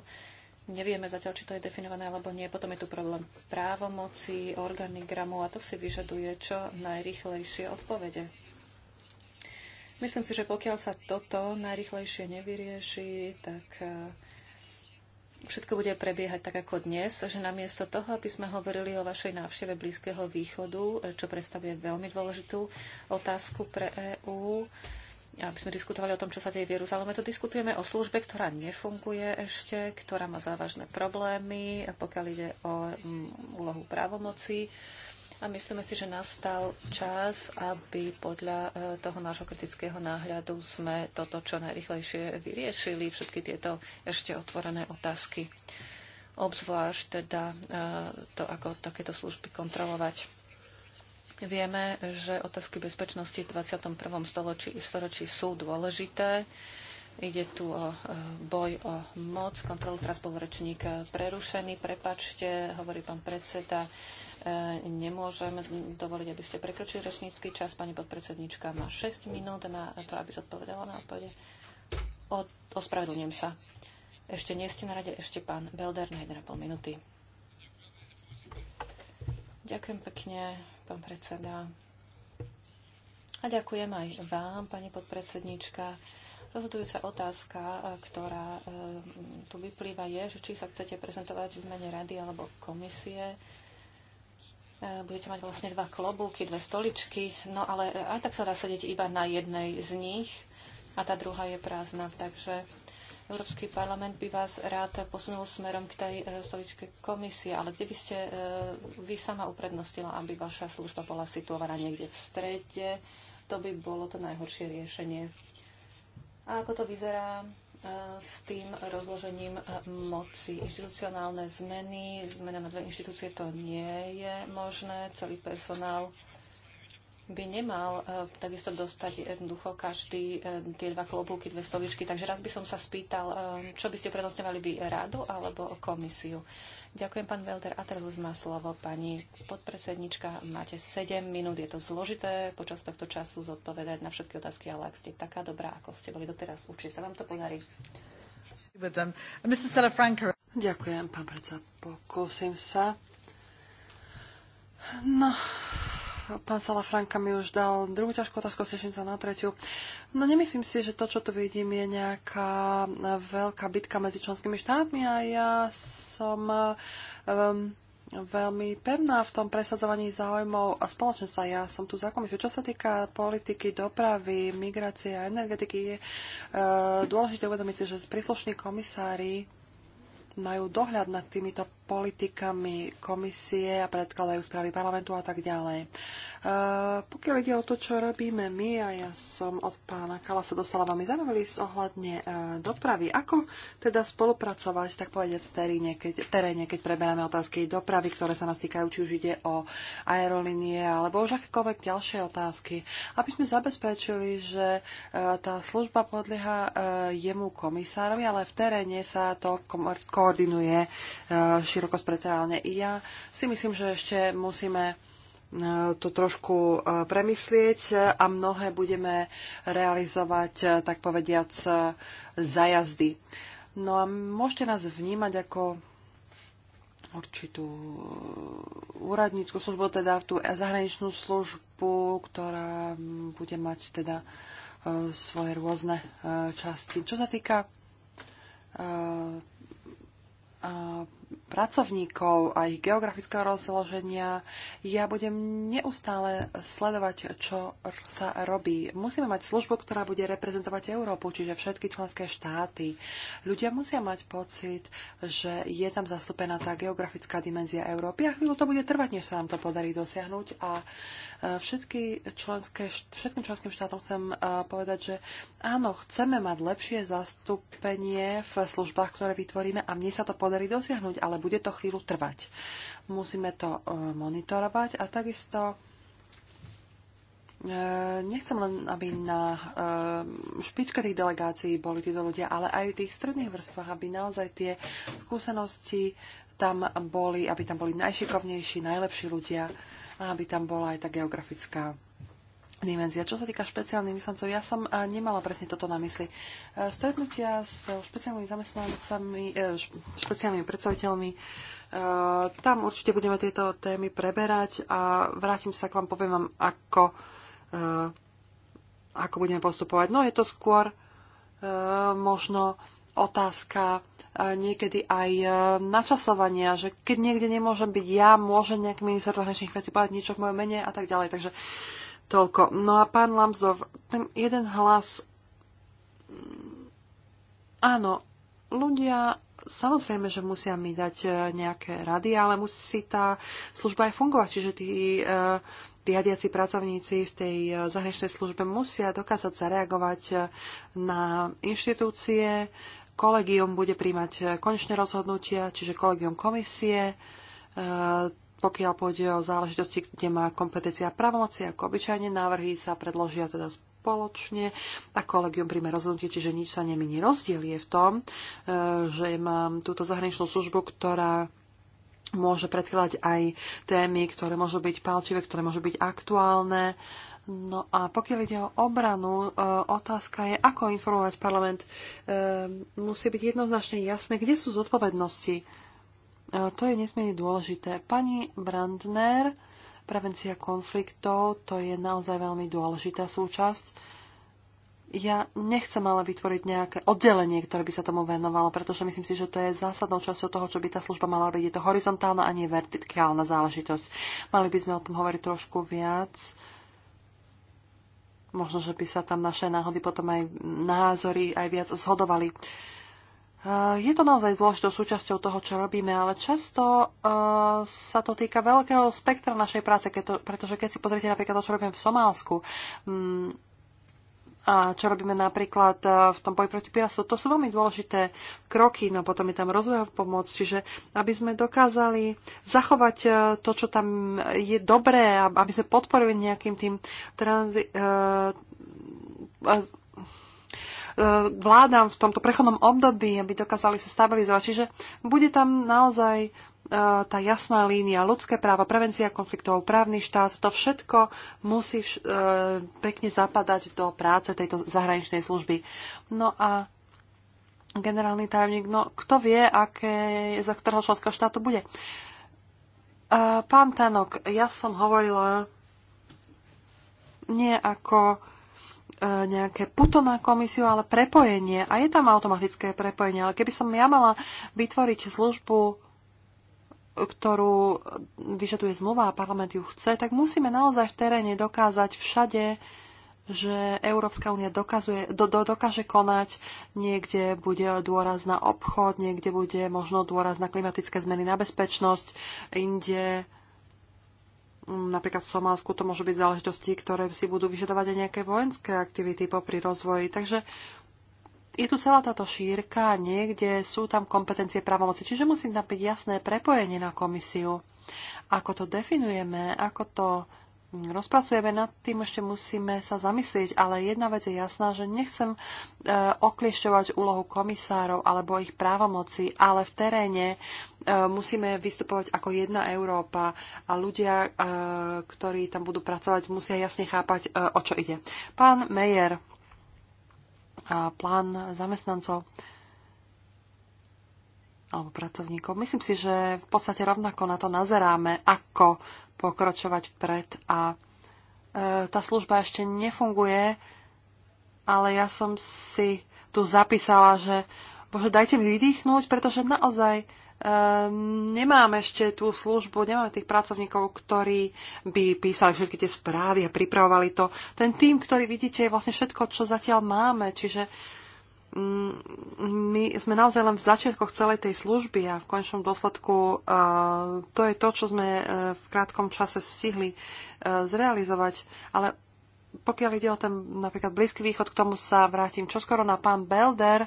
Nevieme zatiaľ, či to je definované alebo nie. Potom je tu problém právomoci, organigramu a to si vyžaduje čo najrychlejšie odpovede. Myslím si, že pokiaľ sa toto najrychlejšie nevyrieši, tak e, všetko bude prebiehať tak ako dnes, že namiesto toho, aby sme hovorili o vašej návšteve Blízkeho východu, e, čo predstavuje veľmi dôležitú otázku pre EÚ, aby sme diskutovali o tom, čo sa deje v Jeruzaleme, to diskutujeme o službe, ktorá nefunguje ešte, ktorá má závažné problémy, pokiaľ ide o úlohu právomoci. A myslíme si, že nastal čas, aby podľa e, toho nášho kritického náhľadu sme toto čo najrychlejšie vyriešili, všetky tieto ešte otvorené otázky. Obzvlášť teda e, to, ako takéto služby kontrolovať. Vieme, že otázky bezpečnosti v 21. Storočí, storočí sú dôležité. Ide tu o e, boj o moc. Kontrolu teraz bol rečník prerušený. Prepačte, hovorí pán predseda. Nemôžem dovoliť, aby ste prekročili rečnícky čas. Pani podpredsednička má 6 minút na to, aby zodpovedala na odpovede. Ospravedlňujem sa. Ešte nie ste na rade, ešte pán Belder na 1,5 minúty. Ďakujem pekne, pán predseda. A ďakujem aj vám, pani podpredsednička. Rozhodujúca otázka, ktorá e, tu vyplýva, je, že či sa chcete prezentovať v mene rady alebo komisie. E, budete mať vlastne dva klobúky, dve stoličky, no ale e, aj tak sa dá sedieť iba na jednej z nich a tá druhá je prázdna. Takže Európsky parlament by vás rád posunul smerom k tej e, stoličke komisie, ale kde by ste vy sama uprednostila, aby vaša služba bola situovaná niekde v strede, to by bolo to najhoršie riešenie. A ako to vyzerá s tým rozložením moci. Inštitucionálne zmeny, zmena na dve inštitúcie, to nie je možné. Celý personál by nemal e, takisto dostať jednoducho každý e, tie dva klobúky, dve slovičky. Takže raz by som sa spýtal, e, čo by ste prednostňovali vy radu alebo komisiu. Ďakujem, pán Velder. A teraz už má slovo pani podpredsednička. Máte 7 minút. Je to zložité počas tohto času zodpovedať na všetky otázky, ale ak ste taká dobrá, ako ste boli doteraz, určite sa vám to podarí. Ďakujem, pán predsa. Pokúsim sa. No, Pán Salafranka mi už dal druhú ťažkú otázku, teším sa na tretiu. No nemyslím si, že to, čo tu vidím, je nejaká veľká bitka medzi členskými štátmi a ja som um, veľmi pevná v tom presadzovaní záujmov a spoločenstva. Ja som tu za komisiu. Čo sa týka politiky, dopravy, migrácie a energetiky, je uh, dôležité uvedomiť si, že príslušní komisári majú dohľad nad týmito politikami komisie a predkladajú správy parlamentu a tak ďalej. E, pokiaľ ide o to, čo robíme my, a ja som od pána Kala sa dostala veľmi zaujímavý list ohľadne e, dopravy. Ako teda spolupracovať, tak povedať, v teréne, keď, v teréne, keď preberáme otázky dopravy, ktoré sa nás týkajú, či už ide o aerolínie alebo už akékoľvek ďalšie otázky, aby sme zabezpečili, že e, tá služba podlieha e, jemu komisárovi, ale v teréne sa to ko- koordinuje e, rokov spretrálne. Ja si myslím, že ešte musíme e, to trošku e, premyslieť a mnohé budeme realizovať, e, tak povediac, za jazdy. No a môžete nás vnímať ako určitú úradnícku službu, teda v tú zahraničnú službu, ktorá bude mať teda svoje rôzne časti. Čo sa týka pracovníkov a ich geografického rozloženia. Ja budem neustále sledovať, čo sa robí. Musíme mať službu, ktorá bude reprezentovať Európu, čiže všetky členské štáty. Ľudia musia mať pocit, že je tam zastúpená tá geografická dimenzia Európy a chvíľu to bude trvať, než sa nám to podarí dosiahnuť. A e, všetky členské, všetkým členským štátom chcem e, povedať, že áno, chceme mať lepšie zastúpenie v službách, ktoré vytvoríme a mne sa to podarí dosiahnuť ale bude to chvíľu trvať. Musíme to e, monitorovať a takisto e, nechcem len, aby na e, špičke tých delegácií boli títo ľudia, ale aj v tých stredných vrstvách, aby naozaj tie skúsenosti tam boli, aby tam boli najšikovnejší, najlepší ľudia a aby tam bola aj tá geografická dimenzia. Čo sa týka špeciálnych vyslancov, ja som eh, nemala presne toto na mysli. Eh, stretnutia s eh, špeciálnymi zamestnancami, špeciálnymi predstaviteľmi, tam určite budeme tieto témy preberať a vrátim sa k vám, poviem vám, ako, ako budeme postupovať. No je to skôr možno otázka niekedy aj načasovania, že keď niekde nemôžem byť ja, môže nejaký minister zahraničných vecí povedať niečo v mojom mene a tak ďalej. Takže uh, Toľko. No a pán Lamzov, ten jeden hlas... Mm, áno, ľudia samozrejme, že musia mi dať e, nejaké rady, ale musí tá služba aj fungovať. Čiže tí e, riadiaci pracovníci v tej e, zahraničnej službe musia dokázať zareagovať na inštitúcie. Kolegium bude príjmať konečné rozhodnutia, čiže kolegium komisie pokiaľ pôjde o záležitosti, kde má kompetencia pravomoci, ako obyčajne návrhy sa predložia teda spoločne a kolegium príjme rozhodnutie, čiže nič sa nemení. Rozdiel je v tom, e, že mám túto zahraničnú službu, ktorá môže predkladať aj témy, ktoré môžu byť palčivé, ktoré môžu byť aktuálne. No a pokiaľ ide o obranu, e, otázka je, ako informovať parlament. E, musí byť jednoznačne jasné, kde sú zodpovednosti E, to je nesmierne dôležité. Pani Brandner, prevencia konfliktov, to je naozaj veľmi dôležitá súčasť. Ja nechcem ale vytvoriť nejaké oddelenie, ktoré by sa tomu venovalo, pretože myslím si, že to je zásadnou časťou toho, čo by tá služba mala byť. Je to horizontálna a nie vertikálna záležitosť. Mali by sme o tom hovoriť trošku viac. Možno, že by sa tam naše náhody potom aj názory aj viac zhodovali. Uh, Eh, je to naozaj dôležitou súčasťou toho, čo robíme, ale často uh, sa to týka veľkého spektra našej práce, keď to, pretože keď si pozrite napríklad to, čo robíme v Somálsku um, a čo robíme napríklad uh, v tom boji proti pirátstvu, to sú veľmi dôležité kroky, no potom je tam rozvojová pomoc, čiže aby sme dokázali zachovať uh, to, čo tam je dobré, aby sme podporili nejakým tým transi- uh, vládam v tomto prechodnom období, aby dokázali sa stabilizovať. Čiže bude tam naozaj e, tá jasná línia, ľudské práva, prevencia konfliktov, právny štát, to všetko musí vš- e, pekne zapadať do práce tejto zahraničnej služby. No a generálny tajomník, no kto vie, aké, za ktorého členského štátu bude. E, pán Tanok, ja som hovorila nie ako E, nejaké puto na komisiu, ale prepojenie. A je tam automatické prepojenie. Ale keby som ja mala vytvoriť službu, ktorú vyžaduje zmluva a parlament ju chce, tak musíme naozaj v teréne dokázať všade, že Európska únia dokazuje, do, do, dokáže konať. Niekde bude dôraz na obchod, niekde bude možno dôraz na klimatické zmeny, na bezpečnosť, inde Napríklad v Somálsku to môžu byť záležitosti, ktoré si budú vyžadovať aj nejaké vojenské aktivity popri rozvoji. Takže je tu celá táto šírka, niekde sú tam kompetencie právomoci, čiže musí tam byť jasné prepojenie na komisiu. Ako to definujeme, ako to rozpracujeme nad tým, ešte musíme sa zamyslieť, ale jedna vec je jasná, že nechcem e, okliešťovať úlohu komisárov alebo ich právomoci, ale v teréne e, musíme vystupovať ako jedna Európa a ľudia, e, ktorí tam budú pracovať, musia jasne chápať, e, o čo ide. Pán Mejer, a plán zamestnancov alebo pracovníkov. Myslím si, že v podstate rovnako na to nazeráme, ako pokračovať vpred a e, tá služba ešte nefunguje, ale ja som si tu zapísala, že bože, dajte mi vydýchnuť, pretože naozaj e, nemám ešte tú službu, nemáme tých pracovníkov, ktorí by písali všetky tie správy a pripravovali to. Ten tým, ktorý vidíte, je vlastne všetko, čo zatiaľ máme, čiže Mm, my sme naozaj len v začiatkoch celej tej služby a v končnom dôsledku e, to je to, čo sme e, v krátkom čase stihli e, zrealizovať. Ale pokiaľ ide o ten napríklad Blízky východ, k tomu sa vrátim čoskoro na pán Belder,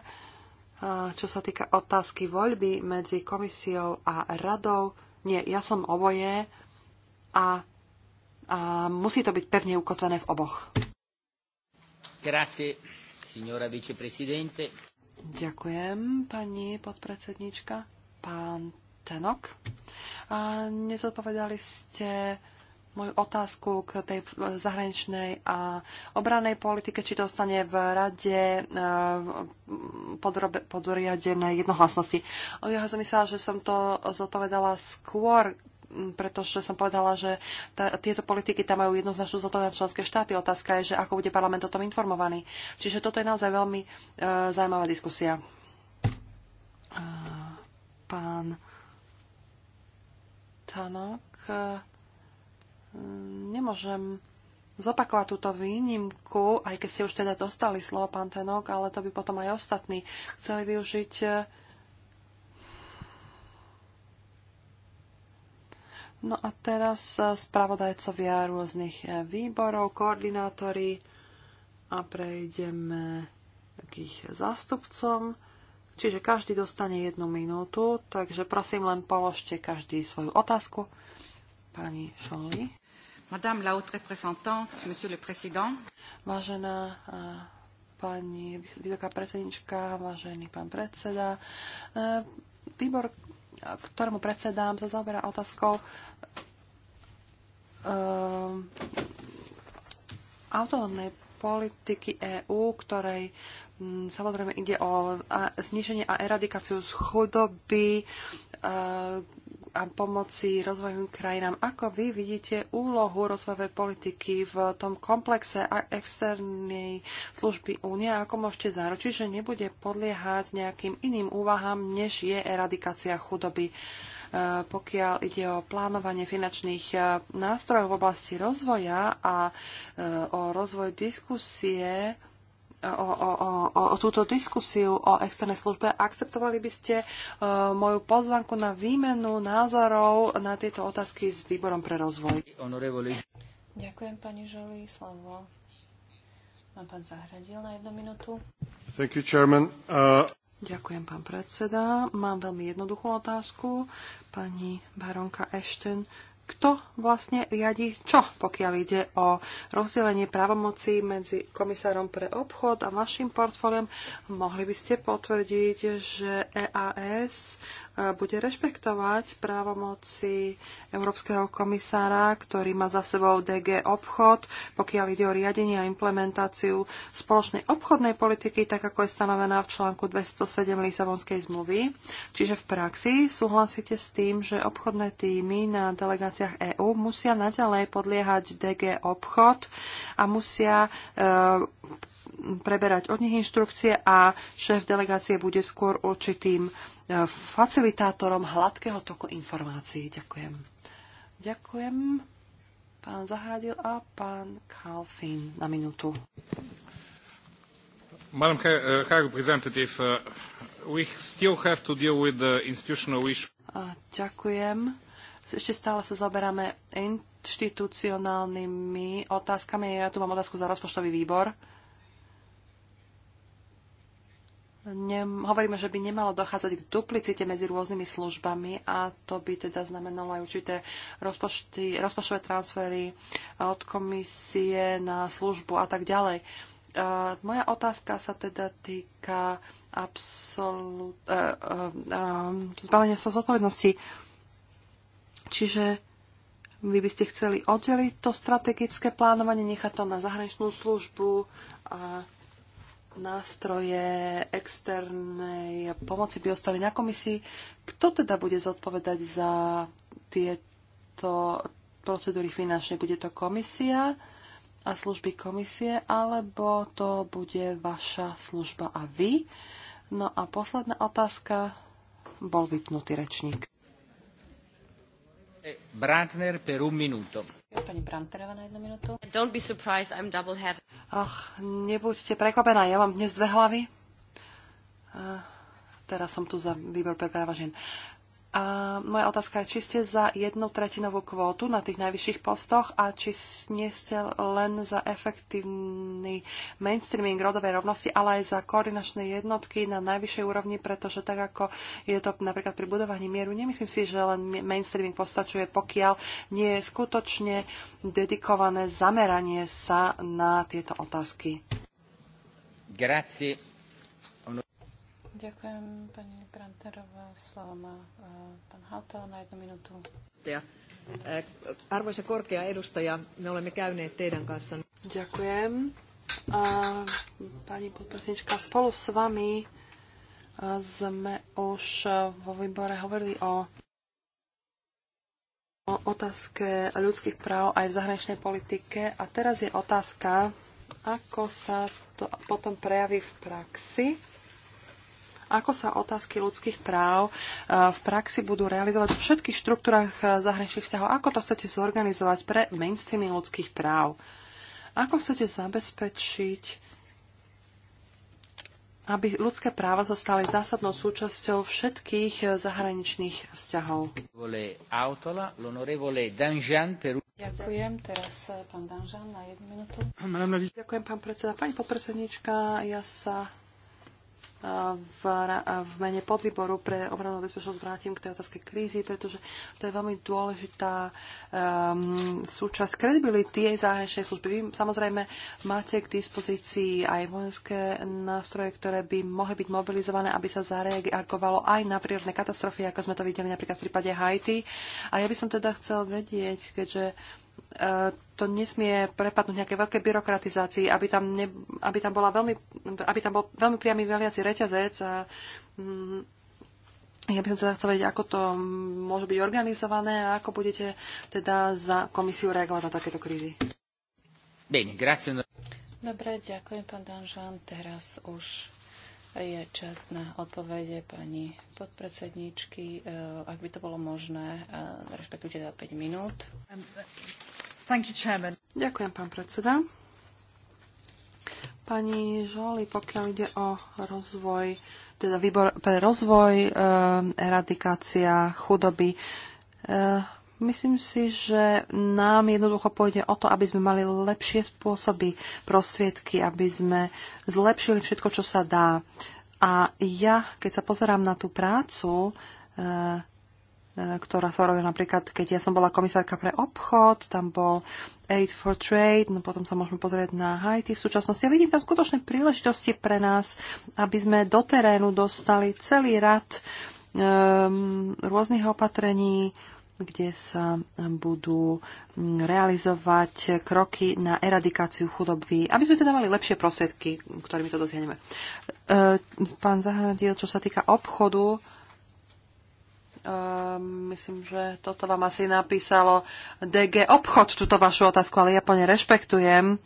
čo sa týka otázky voľby medzi komisiou a radou. Nie, ja som oboje a, a musí to byť pevne ukotvené v oboch. Grazie signora vicepresidente. Ďakujem, pani podpredsednička. Pán Tenok. A nezodpovedali ste moju otázku k tej zahraničnej a obranej politike, či to ostane v rade e, podrobe, podriadenej jednohlasnosti. Ja som myslela, že som to zodpovedala skôr pretože som povedala, že tá, tieto politiky tam majú jednoznačnú zodpovednosť členské štáty. Otázka je, že ako bude parlament o tom informovaný. Čiže toto je naozaj veľmi e, zaujímavá diskusia. E, pán Tanok, e, nemôžem zopakovať túto výnimku, aj keď ste už teda dostali slovo, pán Tenok, ale to by potom aj ostatní chceli využiť No a teraz eh, spravodajcovia rôznych eh, výborov, koordinátori a prejdeme k ich zástupcom. Čiže každý dostane jednu minútu, takže prosím len položte každý svoju otázku. Pani Šolli. Madame la haute représentante, monsieur le président. Vážená eh, pani vysoká predsednička, vážený pán predseda, výbor ktorému predsedám, sa zaoberá otázkou um, autonómnej politiky EÚ, ktorej um, samozrejme ide o a, zniženie a eradikáciu z chudoby, uh, a pomoci rozvojovým krajinám. Ako vy vidíte úlohu rozvojovej politiky v tom komplexe a externej služby únie? Ako môžete zaručiť, že nebude podliehať nejakým iným úvahám, než je eradikácia chudoby? E, pokiaľ ide o plánovanie finančných e, nástrojov v oblasti rozvoja a e, o rozvoj diskusie o, o, o, o túto diskusiu o externej službe. Akceptovali by ste uh, moju pozvanku na výmenu názorov na tieto otázky s výborom pre rozvoj. Ďakujem pani Žoli. Slovo má pán Zahradil na jednu minútu. Thank you, chairman. Uh... Ďakujem, pán predseda. Mám veľmi jednoduchú otázku. Pani baronka Ashton kto vlastne riadi čo, pokiaľ ide o rozdelenie právomocí medzi komisárom pre obchod a vašim portfóliom. Mohli by ste potvrdiť, že EAS bude rešpektovať právomoci Európskeho komisára, ktorý má za sebou DG obchod, pokiaľ ide o riadenie a implementáciu spoločnej obchodnej politiky, tak ako je stanovená v článku 207 Lisabonskej zmluvy. Čiže v praxi súhlasíte s tým, že obchodné týmy na delegáciách EÚ musia naďalej podliehať DG obchod a musia e, preberať od nich inštrukcie a šéf delegácie bude skôr určitým facilitátorom hladkého toku informácií. Ďakujem. Ďakujem. Pán Zahradil a pán Kalfin na minútu. Madam eh, High Representative, eh, we still have to deal with the institutional issue. Ďakujem. Ešte stále sa zaberáme inštitucionálnymi otázkami. Ja tu mám otázku za rozpočtový výbor. nem, hovoríme, že by nemalo dochádzať k duplicite medzi rôznymi službami a to by teda znamenalo aj určité rozpočty, rozpočtové transfery od komisie na službu a tak ďalej. Uh, moja otázka sa teda týka absolút, uh, uh, uh, zbavenia sa zodpovednosti. Čiže vy by ste chceli oddeliť to strategické plánovanie, nechať to na zahraničnú službu a nástroje externej pomoci by ostali na komisii. Kto teda bude zodpovedať za tieto procedúry finančne? Bude to komisia a služby komisie, alebo to bude vaša služba a vy? No a posledná otázka. Bol vypnutý rečník. Brantner per un minuto. Pani Branterová na jednu minútu. Don't be surprised, I'm double head. Ach, nebuďte prekvapená, ja mám dnes dve hlavy. A teraz som tu za výbor pre práva žien. Uh, a moja otázka je, či ste za jednu tretinovú kvótu na tých najvyšších postoch a či nie ste len za efektívny mainstreaming rodovej rovnosti, ale aj za koordinačné jednotky na najvyššej úrovni, pretože tak ako je to napríklad pri budovaní mieru, nemyslím si, že len mainstreaming postačuje, pokiaľ nie je skutočne dedikované zameranie sa na tieto otázky. Grazie. Ďakujem pani Branterová. Slovo má e, pán Hautala na jednu minútu. E, arvoisa korkea edustaja, me olemme käyneet teidän kanssa. Ďakujem. Pani podpredsednička, spolu s vami e, sme už vo výbore hovorili o o otázke ľudských práv aj v zahraničnej politike a teraz je otázka, ako sa to potom prejaví v praxi ako sa otázky ľudských práv eh, v praxi budú realizovať v všetkých štruktúrach eh, zahraničných vzťahov, ako to chcete zorganizovať pre mainstreamy ľudských práv. Ako chcete zabezpečiť aby ľudské práva sa stali zásadnou súčasťou všetkých eh, zahraničných vzťahov. Ďakujem. Teraz pán Danžan na jednu minútu. Ďakujem, pán predseda. Pani podpredsednička, ja sa v, v mene podvýboru pre obranu bezpečnosť vrátim k tej otázke krízy, pretože to je veľmi dôležitá um, súčasť kredibility jej zahraničnej služby. Vy samozrejme máte k dispozícii aj vojenské nástroje, ktoré by mohli byť mobilizované, aby sa zareagovalo aj na prírodné katastrofy, ako sme to videli napríklad v prípade Haiti. A ja by som teda chcel vedieť, keďže to nesmie prepadnúť nejaké veľké byrokratizácii, aby tam, ne, aby tam, bola veľmi, aby tam bol veľmi priamy veliaci reťazec. A, mm, ja by som teda chcela vedieť, ako to môže byť organizované a ako budete teda za komisiu reagovať na takéto krízy. Bene, grazie. Dobre, ďakujem, pán Danžan. Teraz už je čas na odpovede pani podpredsedničky. E, ak by to bolo možné, e, rešpektujte za 5 minút. Ďakujem, pán predseda. Pani Žoli, pokiaľ ide o rozvoj, teda výbor pre rozvoj, e, eradikácia chudoby, eh, myslím si, že nám jednoducho pôjde o to, aby sme mali lepšie spôsoby, prostriedky, aby sme zlepšili všetko, čo sa dá. A ja, keď sa pozerám na tú prácu, e, E, ktorá sa robila napríklad, keď ja som bola komisárka pre obchod, tam bol Aid for Trade, no potom sa môžeme pozrieť na Haiti v súčasnosti. Ja vidím tam skutočné príležitosti pre nás, aby sme do terénu dostali celý rad um, rôznych opatrení, kde sa budú realizovať kroky na eradikáciu chudoby, aby sme teda mali lepšie prostriedky, ktorými to dosiahneme. E, pán Zahadil, čo sa týka obchodu, Ehm, myslím, že toto vám asi napísalo DG Obchod, túto vašu otázku, ale ja plne rešpektujem.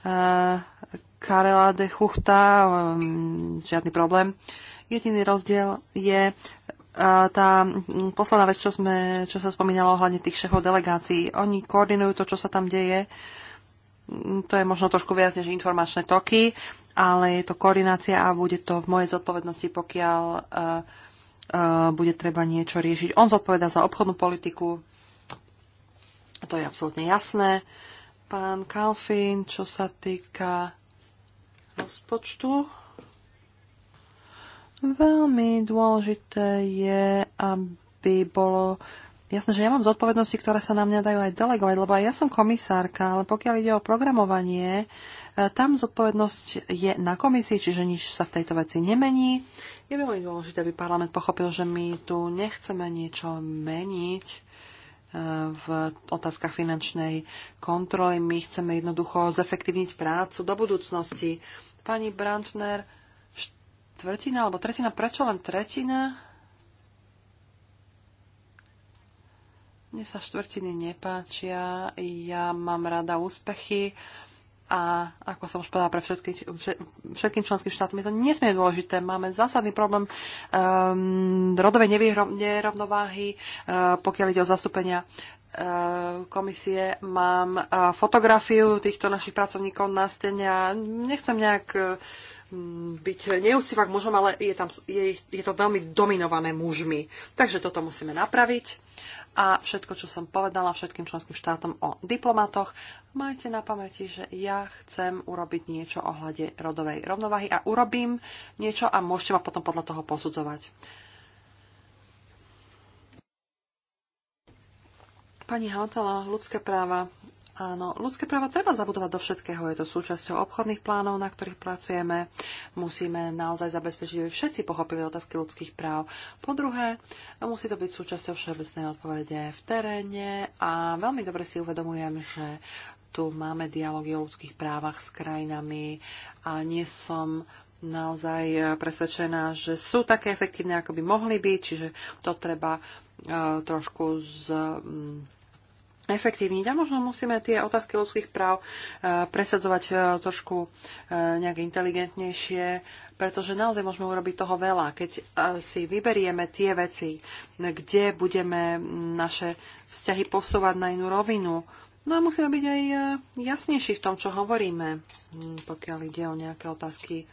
Eh, Karela de Chuchta, ehm, žiadny problém. Jediný rozdiel je eh, tá posledná vec, čo, sme, čo sa spomínalo ohľadne tých šefov delegácií. Oni koordinujú to, čo sa tam deje. Mm, to je možno trošku viac než informačné toky, ale je to koordinácia a bude to v mojej zodpovednosti, pokiaľ uh, E, bude treba niečo riešiť. On zodpoveda za obchodnú politiku, to je absolútne jasné. Pán Kalfin, čo sa týka rozpočtu, veľmi dôležité je, aby bolo Jasné, že ja mám zodpovednosti, ktoré sa na mňa dajú aj delegovať, lebo aj ja som komisárka, ale pokiaľ ide o programovanie, e, tam zodpovednosť je na komisii, čiže nič sa v tejto veci nemení. Je veľmi dôležité, aby parlament pochopil, že my tu nechceme niečo meniť e, v otázkach finančnej kontroly. My chceme jednoducho zefektívniť prácu do budúcnosti. Pani Brandner, štvrtina alebo tretina, prečo len tretina? Mne sa štvrtiny nepáčia, ja mám rada úspechy. Uh, a ako som už povedala pre všetky, všetkým členským štátom, je to nesmierne dôležité. Máme zásadný problém um, rodovej nerovnováhy, uh, pokiaľ ide o zastúpenia ehm, komisie mám e, fotografiu týchto našich pracovníkov na stene a nechcem nejak e, byť neúctivá k mužom, ale je, tam, je, je to veľmi dominované mužmi. Takže toto musíme napraviť a všetko, čo som povedala všetkým členským štátom o diplomatoch, majte na pamäti, že ja chcem urobiť niečo ohľade rodovej rovnováhy a urobím niečo a môžete ma potom podľa toho posudzovať. Pani Hautala, ľudské práva Áno, ľudské práva treba zabudovať do všetkého. Je to súčasťou obchodných plánov, na ktorých pracujeme. Musíme naozaj zabezpečiť, aby všetci pochopili otázky ľudských práv. Po druhé, musí to byť súčasťou všeobecnej odpovede v teréne a veľmi dobre si uvedomujem, že tu máme dialógy o ľudských právach s krajinami a nie som naozaj presvedčená, že sú také efektívne, ako by mohli byť, čiže to treba uh, trošku z, um, efektívniť. A možno musíme tie otázky ľudských práv e, presadzovať e, trošku e, nejak inteligentnejšie, pretože naozaj môžeme urobiť toho veľa, keď si vyberieme tie veci, kde budeme naše vzťahy posúvať na inú rovinu. No a musíme byť aj jasnejší v tom, čo hovoríme, pokiaľ ide o nejaké otázky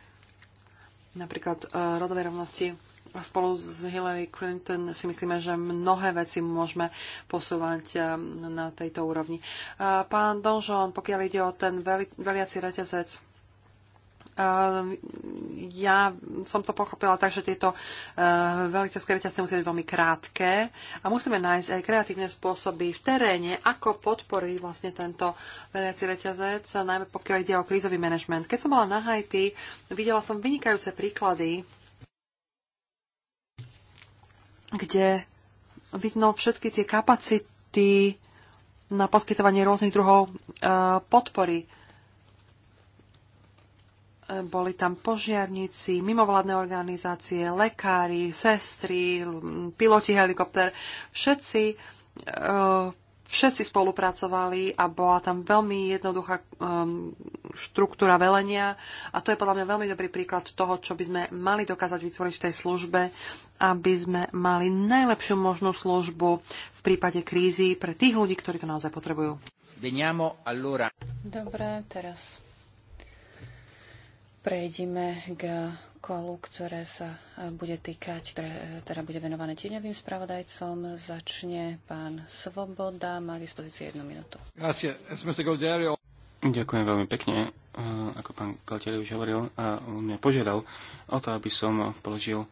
napríklad rodovej rovnosti spolu s Hillary Clinton si myslíme, že mnohé veci môžeme posúvať eh, na tejto úrovni. Pán Donžon, pokiaľ ide o ten veli, veliaci reťazec, eh, ja som to pochopila tak, že tieto eh, veliteľské reťazce musia byť veľmi krátke a musíme nájsť aj kreatívne spôsoby v teréne, ako podporiť vlastne tento veliaci reťazec, najmä pokiaľ ide o krízový manažment. Keď som bola na Haiti, videla som vynikajúce príklady kde vidno všetky tie kapacity na poskytovanie rôznych druhov e, podpory. E, boli tam požiarníci, mimovládne organizácie, lekári, sestry, piloti helikopter. Všetci e, všetci spolupracovali a bola tam veľmi jednoduchá um, štruktúra velenia a to je podľa mňa veľmi dobrý príklad toho, čo by sme mali dokázať vytvoriť v tej službe, aby sme mali najlepšiu možnú službu v prípade krízy pre tých ľudí, ktorí to naozaj potrebujú. Dobre, teraz prejdime k protokolu, ktoré sa e, bude týkať, ktoré e, teda bude venované tieňovým spravodajcom, začne pán Svoboda. Má dispozícii jednu minútu. Ďakujem veľmi pekne. E, ako pán Kaltieri už hovoril, a on mňa požiadal o to, aby som položil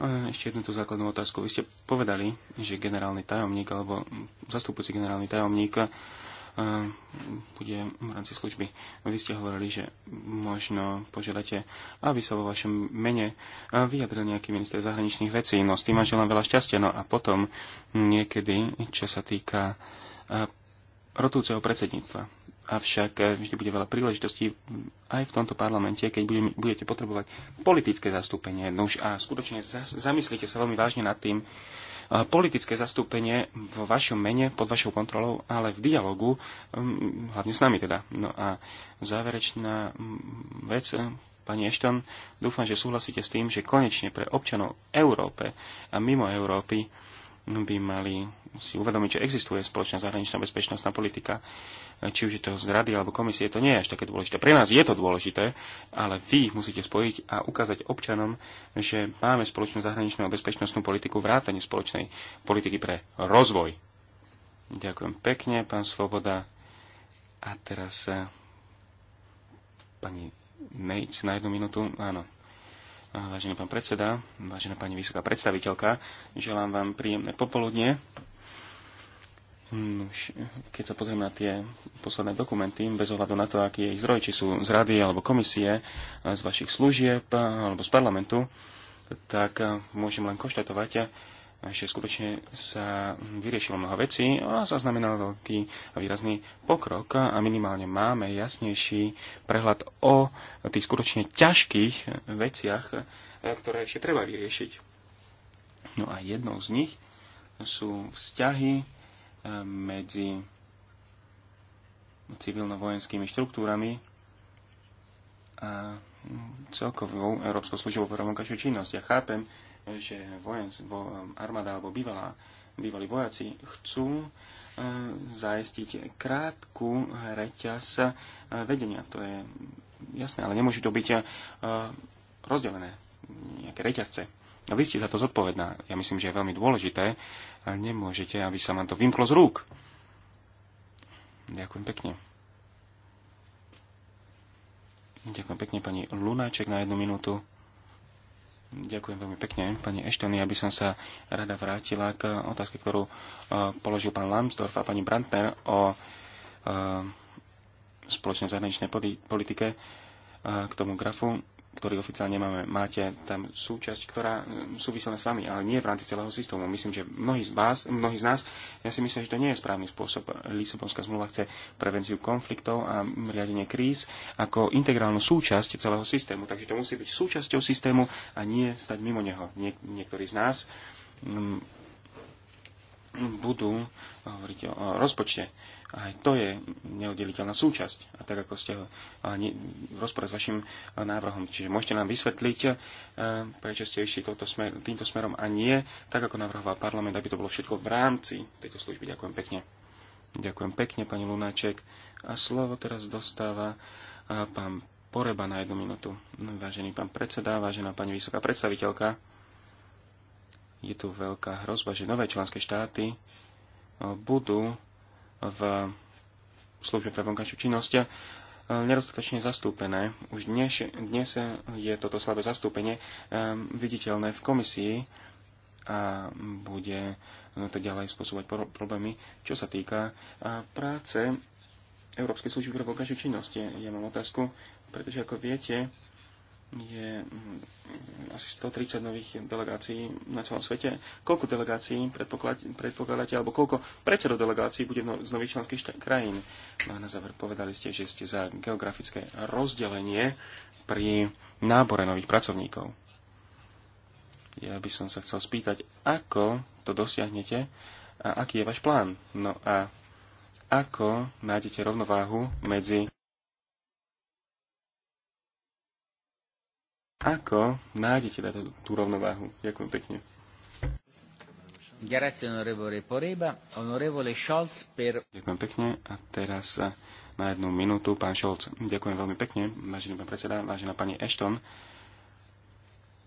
ešte jednu tú základnú otázku. Vy ste povedali, že generálny tajomník alebo zastupujúci generálny tajomník bude v rámci služby. Vy ste hovorili, že možno požiadate, aby sa vo vašom mene vyjadril nejaký minister zahraničných vecí. No s tým vám želám veľa šťastia. No a potom niekedy, čo sa týka rotúceho predsedníctva. Avšak e, vždy bude veľa príležitostí aj v tomto parlamente, keď budete potrebovať politické zastúpenie. No už a skutočne zamyslite sa veľmi vážne nad tým, politické zastúpenie vo vašom mene, pod vašou kontrolou, ale v dialogu, mm, hlavne s nami teda. No a záverečná mm, vec, pani Ešton, dúfam, že súhlasíte s tým, že konečne pre občanov Európe a mimo Európy by mali si uvedomiť, že existuje spoločná zahraničná bezpečnostná politika, či už je to z rady alebo komisie, to nie je až také dôležité. Pre nás je to dôležité, ale vy ich musíte spojiť a ukázať občanom, že máme spoločnú zahraničnú a bezpečnostnú politiku vrátane spoločnej politiky pre rozvoj. Ďakujem pekne, pán Svoboda. A teraz eh, pani Nejc na jednu minútu. Áno. Vážený pán predseda, vážená pani vysoká predstaviteľka, želám vám príjemné popoludne. Mm, keď sa pozrieme na tie posledné dokumenty, bez ohľadu na to, aký je ich zdroj, či sú z rady alebo komisie, z vašich služieb alebo z parlamentu, tak môžem len konštatovať, že skutočne sa vyriešilo mnoho vecí a zaznamenal veľký a výrazný pokrok a minimálne máme jasnejší prehľad o tých skutočne ťažkých veciach, ktoré ešte treba vyriešiť. No a jednou z nich sú vzťahy medzi civilno-vojenskými štruktúrami a celkovou Európskou službou pre vonkajšiu činnosť. Ja chápem, že vojens, vo, armáda alebo bývalá, bývalí vojaci chcú e, zaistiť krátku reťaz e, vedenia. To je jasné, ale nemôže to byť e, rozdelené nejaké reťazce. No, vy ste za to zodpovedná. Ja myslím, že je veľmi dôležité, nemôžete, aby sa vám to vymklo z rúk. Ďakujem pekne. Ďakujem pekne pani Lunáček na jednu minútu. Ďakujem veľmi pekne, pani Eštony, aby som sa rada vrátila k otázke, ktorú e, položil pán Lambsdorff a pani Brantner o e, spoločnej zahraničnej politike e, k tomu grafu ktorý oficiálne máme, máte tam súčasť, ktorá e, súvisela s vami, ale nie v rámci celého systému. Myslím, že mnohí z vás, mnohí z nás, ja si myslím, že to nie je správny spôsob. Lisabonská zmluva chce prevenciu konfliktov a riadenie kríz ako integrálnu súčasť celého systému. Takže to musí byť súčasťou systému a nie stať mimo neho. Nie, niektorí z nás mm, budú hovoriť o rozpočte aj to je neoddeliteľná súčasť. A tak ako ste v rozpore s vašim návrhom. Čiže môžete nám vysvetliť, prečo ste išli smer, týmto smerom a nie, tak ako navrhoval parlament, aby to bolo všetko v rámci tejto služby. Ďakujem pekne. Ďakujem pekne, pani Lunáček. A slovo teraz dostáva pán Poreba na jednu minútu. Vážený pán predseda, vážená pani vysoká predstaviteľka, je tu veľká hrozba, že nové členské štáty budú v službe pre vonkajšiu činnosť e, nedostatočne zastúpené. Už dnes, dnes je toto slabé zastúpenie e, viditeľné v komisii a bude to ďalej spôsobovať problémy, čo sa týka e, práce Európskej služby pre vonkajšiu činnosť. Ja mám otázku, pretože ako viete, je mm, asi 130 nových delegácií na celom svete. Koľko delegácií predpokladáte, alebo koľko predsedov delegácií bude no- z nových členských krajín? No a na záver povedali ste, že ste za geografické rozdelenie pri nábore nových pracovníkov. Ja by som sa chcel spýtať, ako to dosiahnete a aký je váš plán. No a ako nájdete rovnováhu medzi Ako nájdete tú, tú rovnováhu? Ďakujem pekne. Ďakujem pekne a teraz eh, na jednu minútu pán Scholz. Ďakujem veľmi pekne, vážený pán predseda, vážená pani Ashton.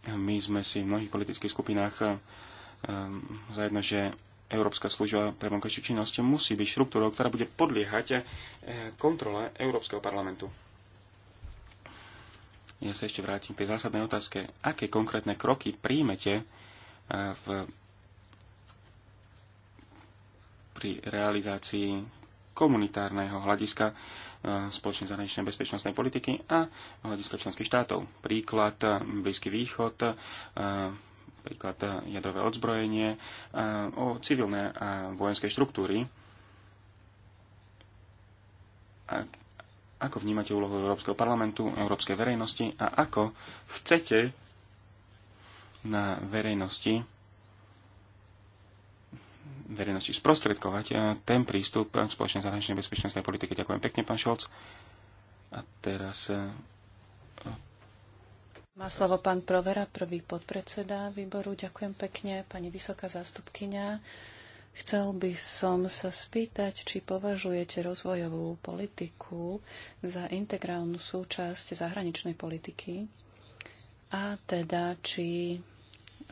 My sme si v mnohých politických skupinách eh, eh, zajedno, že Európska služba pre vonkajšiu činnosť musí byť štruktúrou, ktorá bude podliehať kontrole Európskeho parlamentu. Ja sa ešte vrátim k tej zásadnej otázke. Aké konkrétne kroky príjmete e, v, pri realizácii komunitárneho hľadiska e, spoločnej zahraničnej bezpečnostnej politiky a hľadiska členských štátov. Príklad e, Blízky východ, príklad jadrové odzbrojenie, o civilné a vojenské štruktúry. A ako vnímate úlohu Európskeho parlamentu, európskej verejnosti a ako chcete na verejnosti verejnosti sprostredkovať eh, ten prístup k spoločnej zahraničnej bezpečnostnej politike. Ďakujem pekne, pán Šolc. A teraz... Eh, Má slovo pán Provera, prvý podpredseda výboru. Ďakujem pekne, pani vysoká zástupkynia. Chcel by som sa spýtať, či považujete rozvojovú politiku za integrálnu súčasť zahraničnej politiky a teda či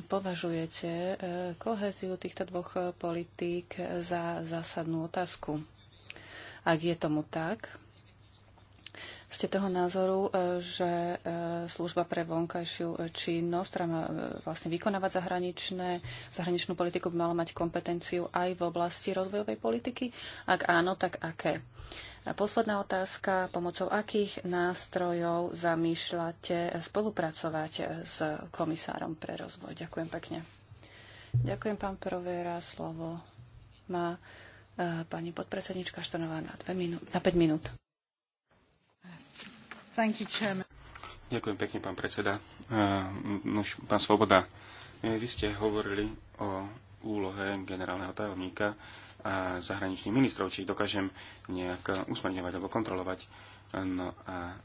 považujete e, koheziu týchto dvoch politík za zásadnú otázku. Ak je tomu tak, ste toho názoru, e, že e, služba pre vonkajšiu e, činnosť, ktorá má vlastne vykonávať zahraničné, zahraničnú politiku, by mala mať kompetenciu aj v oblasti rozvojovej politiky? Ak áno, tak aké? A posledná otázka. Pomocou akých nástrojov zamýšľate spolupracovať s komisárom pre rozvoj? Ďakujem pekne. Ďakujem, pán Provera. Slovo má pani podpredsednička Štonová na, dve minú- na 5 minút. You, Ďakujem pekne, pán predseda. Eh, pán Svoboda, eh, vy ste hovorili o úlohe generálneho tajomníka a zahraničných ministrov, či ich dokážem nejak usmerňovať alebo kontrolovať. No a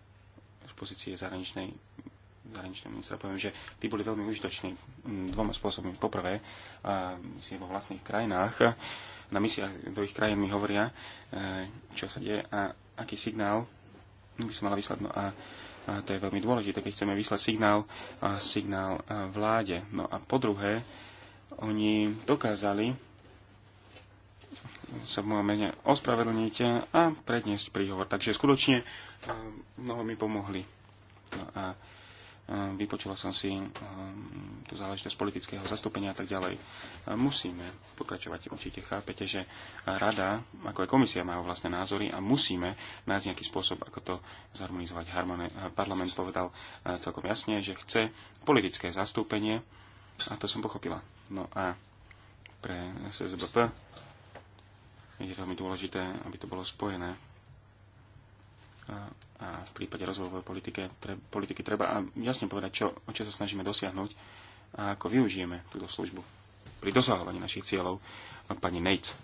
z pozície zahraničnej zahraničného ministra poviem, že tí boli veľmi užitoční dvoma spôsobmi. Poprvé, si vo vlastných krajinách, na misiách do ich krajín mi hovoria, eh, čo sa deje a aký signál by sa mala vyslať. No a, a to je veľmi dôležité, keď chceme vyslať signál, a signál vláde. No a po druhé, oni dokázali sa v mojom mene ospravedlniť a predniesť príhovor. Takže skutočne mnoho mi pomohli. No a Eh, vypočula som si eh, tú záležitosť politického zastúpenia a tak ďalej. Eh, musíme pokračovať. Určite chápete, že rada, ako aj komisia, majú vlastné názory a musíme nájsť nejaký spôsob, ako to zharmonizovať. Parlament povedal celkom jasne, že chce politické zastúpenie a to som pochopila. No a pre SSBP je veľmi dôležité, aby to bolo spojené a v prípade rozvojovej politiky, tre, politiky treba jasne povedať, čo, o čo sa snažíme dosiahnuť a ako využijeme túto službu pri dosahovaní našich cieľov. Pani Nates,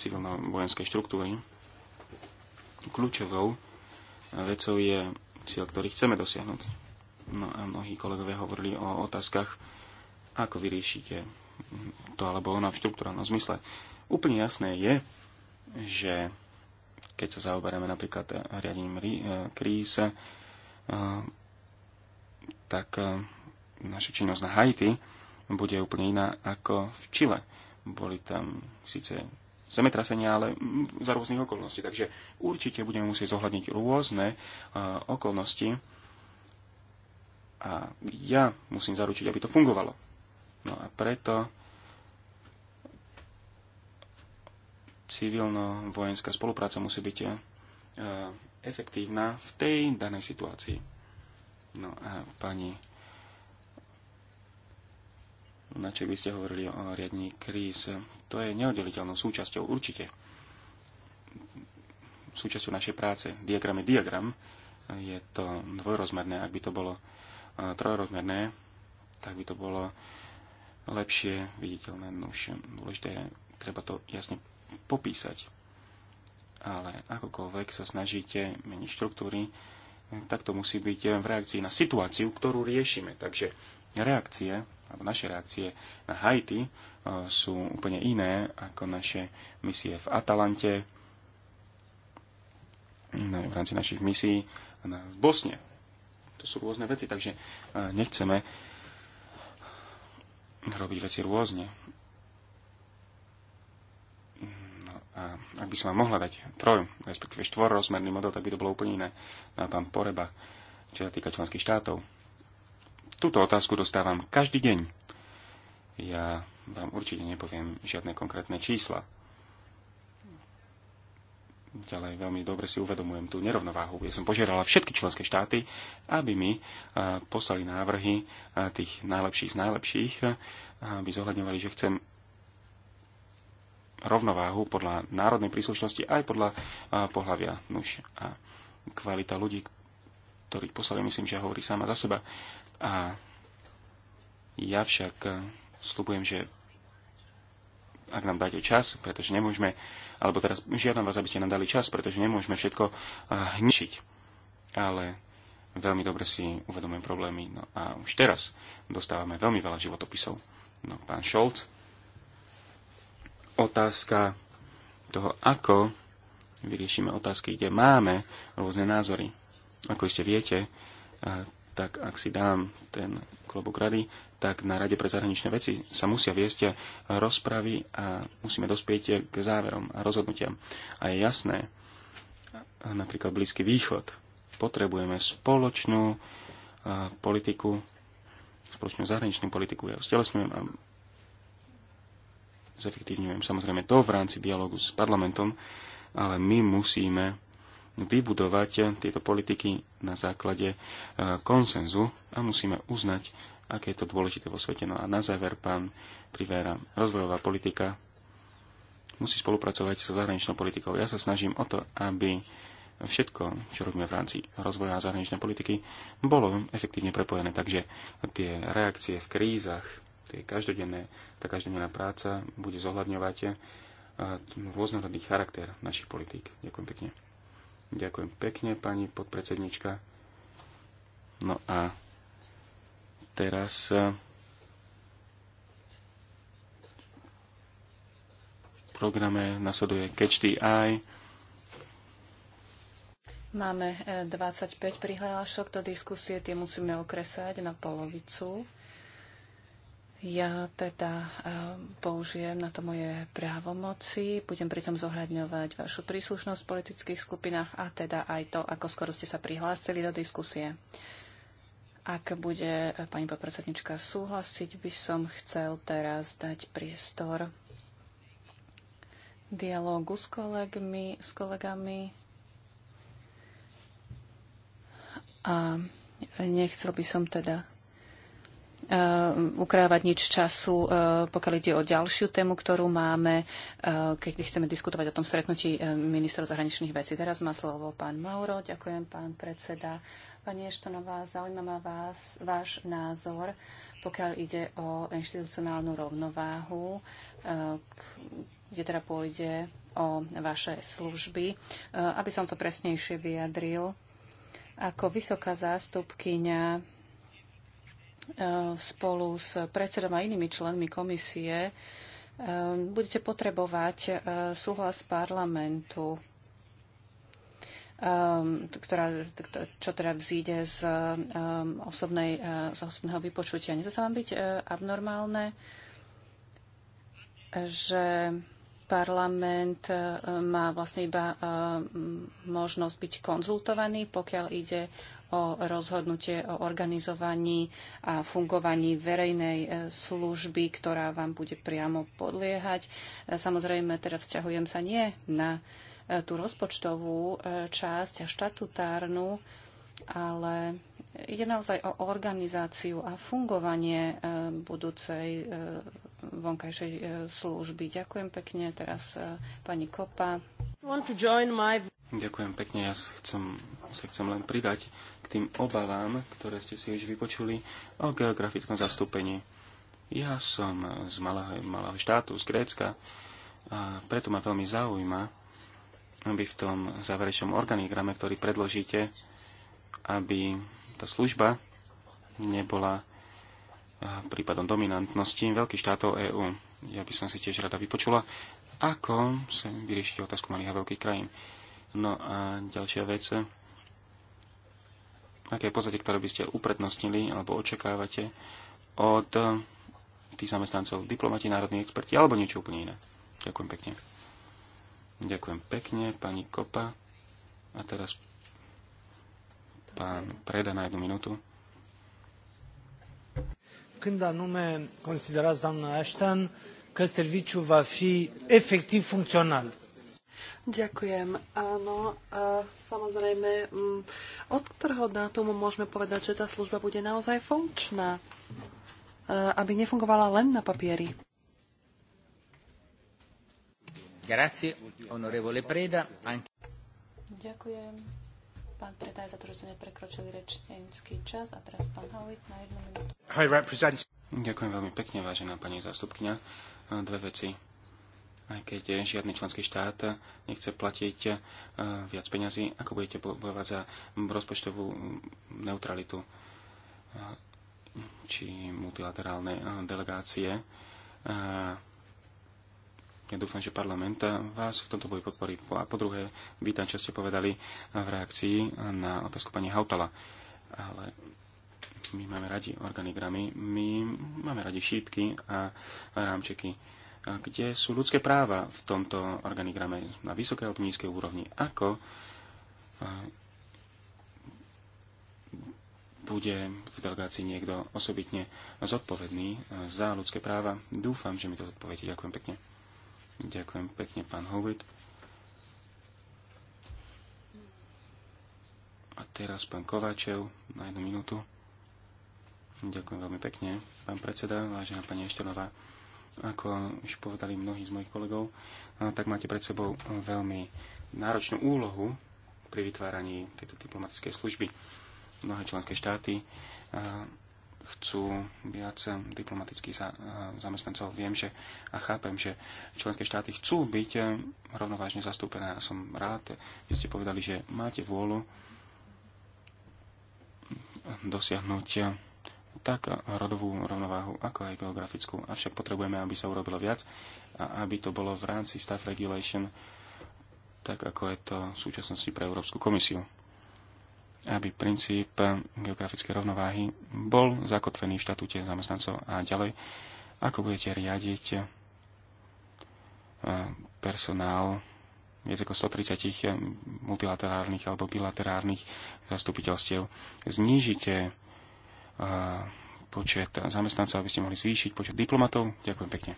civilno-vojenskej štruktúry, kľúčovou vecou je cieľ, ktorý chceme dosiahnuť. No a mnohí kolegovia hovorili o otázkach, ako vyriešite to alebo ono v štruktúrálnom zmysle. Úplne jasné je, že keď sa zaoberáme napríklad riadením e, kríz, e, tak e, naša činnosť na Haiti bude úplne iná ako v Čile. Boli tam síce zemetrasenia, ale za rôznych okolností. Takže určite budeme musieť zohľadniť rôzne okolnosti a ja musím zaručiť, aby to fungovalo. No a preto civilno-vojenská spolupráca musí byť e, efektívna v tej danej situácii. No a pani Lunaček, vy ste hovorili o riadení kríz. To je neoddeliteľnou súčasťou určite. Súčasťou našej práce. Diagram je diagram. Je to dvojrozmerné. Ak by to bolo e, trojrozmerné, tak by to bolo lepšie viditeľné. No už dôležité je, treba to jasne popísať. Ale akokoľvek sa snažíte meniť štruktúry, tak to musí byť v reakcii na situáciu, ktorú riešime. Takže reakcie, alebo naše reakcie na Haiti e, sú úplne iné ako naše misie v Atalante, no, v rámci našich misií v Bosne. To sú rôzne veci, takže e, nechceme robiť veci rôzne. ak by som vám mohla dať troj, respektíve štvorrozmerný model, tak by to bolo úplne iné. na no pán Poreba, čo sa týka členských štátov. Túto otázku dostávam každý deň. Ja vám určite nepoviem žiadne konkrétne čísla. Ďalej veľmi dobre si uvedomujem tú nerovnováhu. Ja som požiadala všetky členské štáty, aby mi poslali návrhy tých najlepších z najlepších, aby zohľadňovali, že chcem rovnováhu podľa národnej príslušnosti aj podľa pohľavia. muž a kvalita ľudí, ktorých poslali, myslím, že hovorí sama za seba. A ja však e, slúbujem, že ak nám dáte čas, pretože nemôžeme, alebo teraz žiadam vás, aby ste nám dali čas, pretože nemôžeme všetko e, hničiť. Ale veľmi dobre si uvedomujem problémy. No a už teraz dostávame veľmi veľa životopisov. No, pán Šolc, otázka toho, ako vyriešime otázky, kde máme rôzne názory. Ako iste viete, eh, tak ak si dám ten klobúk rady, tak na Rade pre zahraničné veci sa musia viesť rozpravy a musíme dospieť k záverom a rozhodnutiam. A je jasné, napríklad Blízky východ, potrebujeme spoločnú eh, politiku, spoločnú zahraničnú politiku. Ja stelesňujem a zefektívňujem. Samozrejme to v rámci dialogu s parlamentom, ale my musíme vybudovať tieto politiky na základe e, konsenzu a musíme uznať, aké je to dôležité vo svete. No a na záver, pán Privera, rozvojová politika musí spolupracovať so zahraničnou politikou. Ja sa snažím o to, aby všetko, čo robíme v rámci rozvoja a zahraničnej politiky, bolo efektívne prepojené. Takže tie reakcie v krízach, tie každodenné, tá každodenná práca bude zohľadňovať eh, rôznorodný charakter našich politík. Ďakujem pekne. Ďakujem pekne, pani podpredsednička. No a teraz eh, v programe nasleduje Catch the Eye. Máme 25 eh, prihlášok do diskusie, tie musíme okresať na polovicu. Ja teda eh, použijem na to moje právomoci, budem pritom zohľadňovať vašu príslušnosť v politických skupinách a teda aj to, ako skoro ste sa prihlásili do diskusie. Ak bude eh, pani podpredsednička súhlasiť, by som chcel teraz dať priestor dialógu s kolegmi, s kolegami a nechcel by som teda Eh, ukrávať nič času, eh, pokiaľ ide o ďalšiu tému, ktorú máme, eh, keď chceme diskutovať o tom stretnutí ministrov zahraničných vecí. Teraz má slovo pán Mauro. Ďakujem, pán predseda. Pani Eštonová, zaujímavá ma vás, váš názor, pokiaľ ide o inštitucionálnu rovnováhu, kde teda pôjde o vaše služby. Aby som to presnejšie vyjadril, ako vysoká zástupkyňa E, spolu s predsedom a inými členmi komisie e, budete potrebovať e, súhlas parlamentu, ktorá, čo teda vzíde z, osobnej, z osobného vypočutia. Nezdá sa vám byť abnormálne, že parlament má vlastne iba možnosť byť konzultovaný, pokiaľ ide o rozhodnutie o organizovaní a fungovaní verejnej e, služby, ktorá vám bude priamo podliehať. E, samozrejme, teda vzťahujem sa nie na e, tú rozpočtovú časť a štatutárnu, ale ide naozaj o organizáciu a fungovanie budúcej vonkajšej služby. Ďakujem pekne. Teraz pani Kopa. My... Ďakujem pekne. Ja chcem, sa chcem len pridať k tým obavám, ktoré ste si už vypočuli o geografickom zastúpení. Ja som z malého, malého štátu, z Grécka, a preto ma veľmi zaujíma, aby v tom záverečnom organigrame, ktorý predložíte, aby tá služba nebola prípadom dominantnosti veľkých štátov EÚ. Ja by som si tiež rada vypočula, ako sa vyriešite otázku malých a veľkých krajín. No a ďalšia vec, aké pozadie, ktoré by ste uprednostnili alebo očakávate od tých zamestnancov, diplomati, národní experti alebo niečo úplne iné. Ďakujem pekne. Ďakujem pekne, pani Kopa. A teraz pán Preda na jednu minútu. Când anume considerați, doamna Ashton, că serviciul va fi efectiv funcțional? Ďakujem. Áno, a samozrejme, mm, od ktorého dátumu môžeme povedať, že tá služba bude naozaj funkčná, aby nefungovala len na papieri? Grazie, onorevole Preda. Ďakujem. Pán Preda za to, že sme neprekročili rečnícky čas. A teraz pán Howitt na jednu minútu. Ďakujem veľmi pekne, vážená pani zástupkňa. Dve veci aj keď žiadny členský štát nechce platiť e, viac peňazí, ako budete bojovať za rozpočtovú neutralitu e, či multilaterálne e, delegácie. Ja dúfam, že parlament vás v tomto boji podporí. A po druhé, vítam, čo ste povedali v reakcii na otázku pani Hautala. Ale my máme radi organigramy, my máme radi šípky a rámčeky kde sú ľudské práva v tomto organigrame na vysokej alebo nízkej úrovni. Ako e, bude v delegácii niekto osobitne zodpovedný e, za ľudské práva. Dúfam, že mi to odpoviete. Ďakujem pekne. Ďakujem pekne, pán Howitt. A teraz pán Kováčev na jednu minútu. Ďakujem veľmi pekne, pán predseda, vážená pani Eštelová. Ako už povedali mnohí z mojich kolegov, tak máte pred sebou veľmi náročnú úlohu pri vytváraní tejto diplomatickej služby. Mnohé členské štáty chcú viac diplomatických zamestnancov. Viem, že a chápem, že členské štáty chcú byť rovnovážne zastúpené a som rád, že ste povedali, že máte vôľu dosiahnuť tak rodovú rovnováhu, ako aj geografickú. Avšak potrebujeme, aby sa urobilo viac a aby to bolo v rámci staff regulation, tak ako je to v súčasnosti pre Európsku komisiu. Aby princíp geografickej rovnováhy bol zakotvený v štatúte zamestnancov a ďalej, ako budete riadiť eh, personál viac ako 130 eh, multilaterálnych alebo bilaterálnych zastupiteľstiev. Znížite počet zamestnancov, aby ste mohli zvýšiť počet diplomatov. Ďakujem pekne.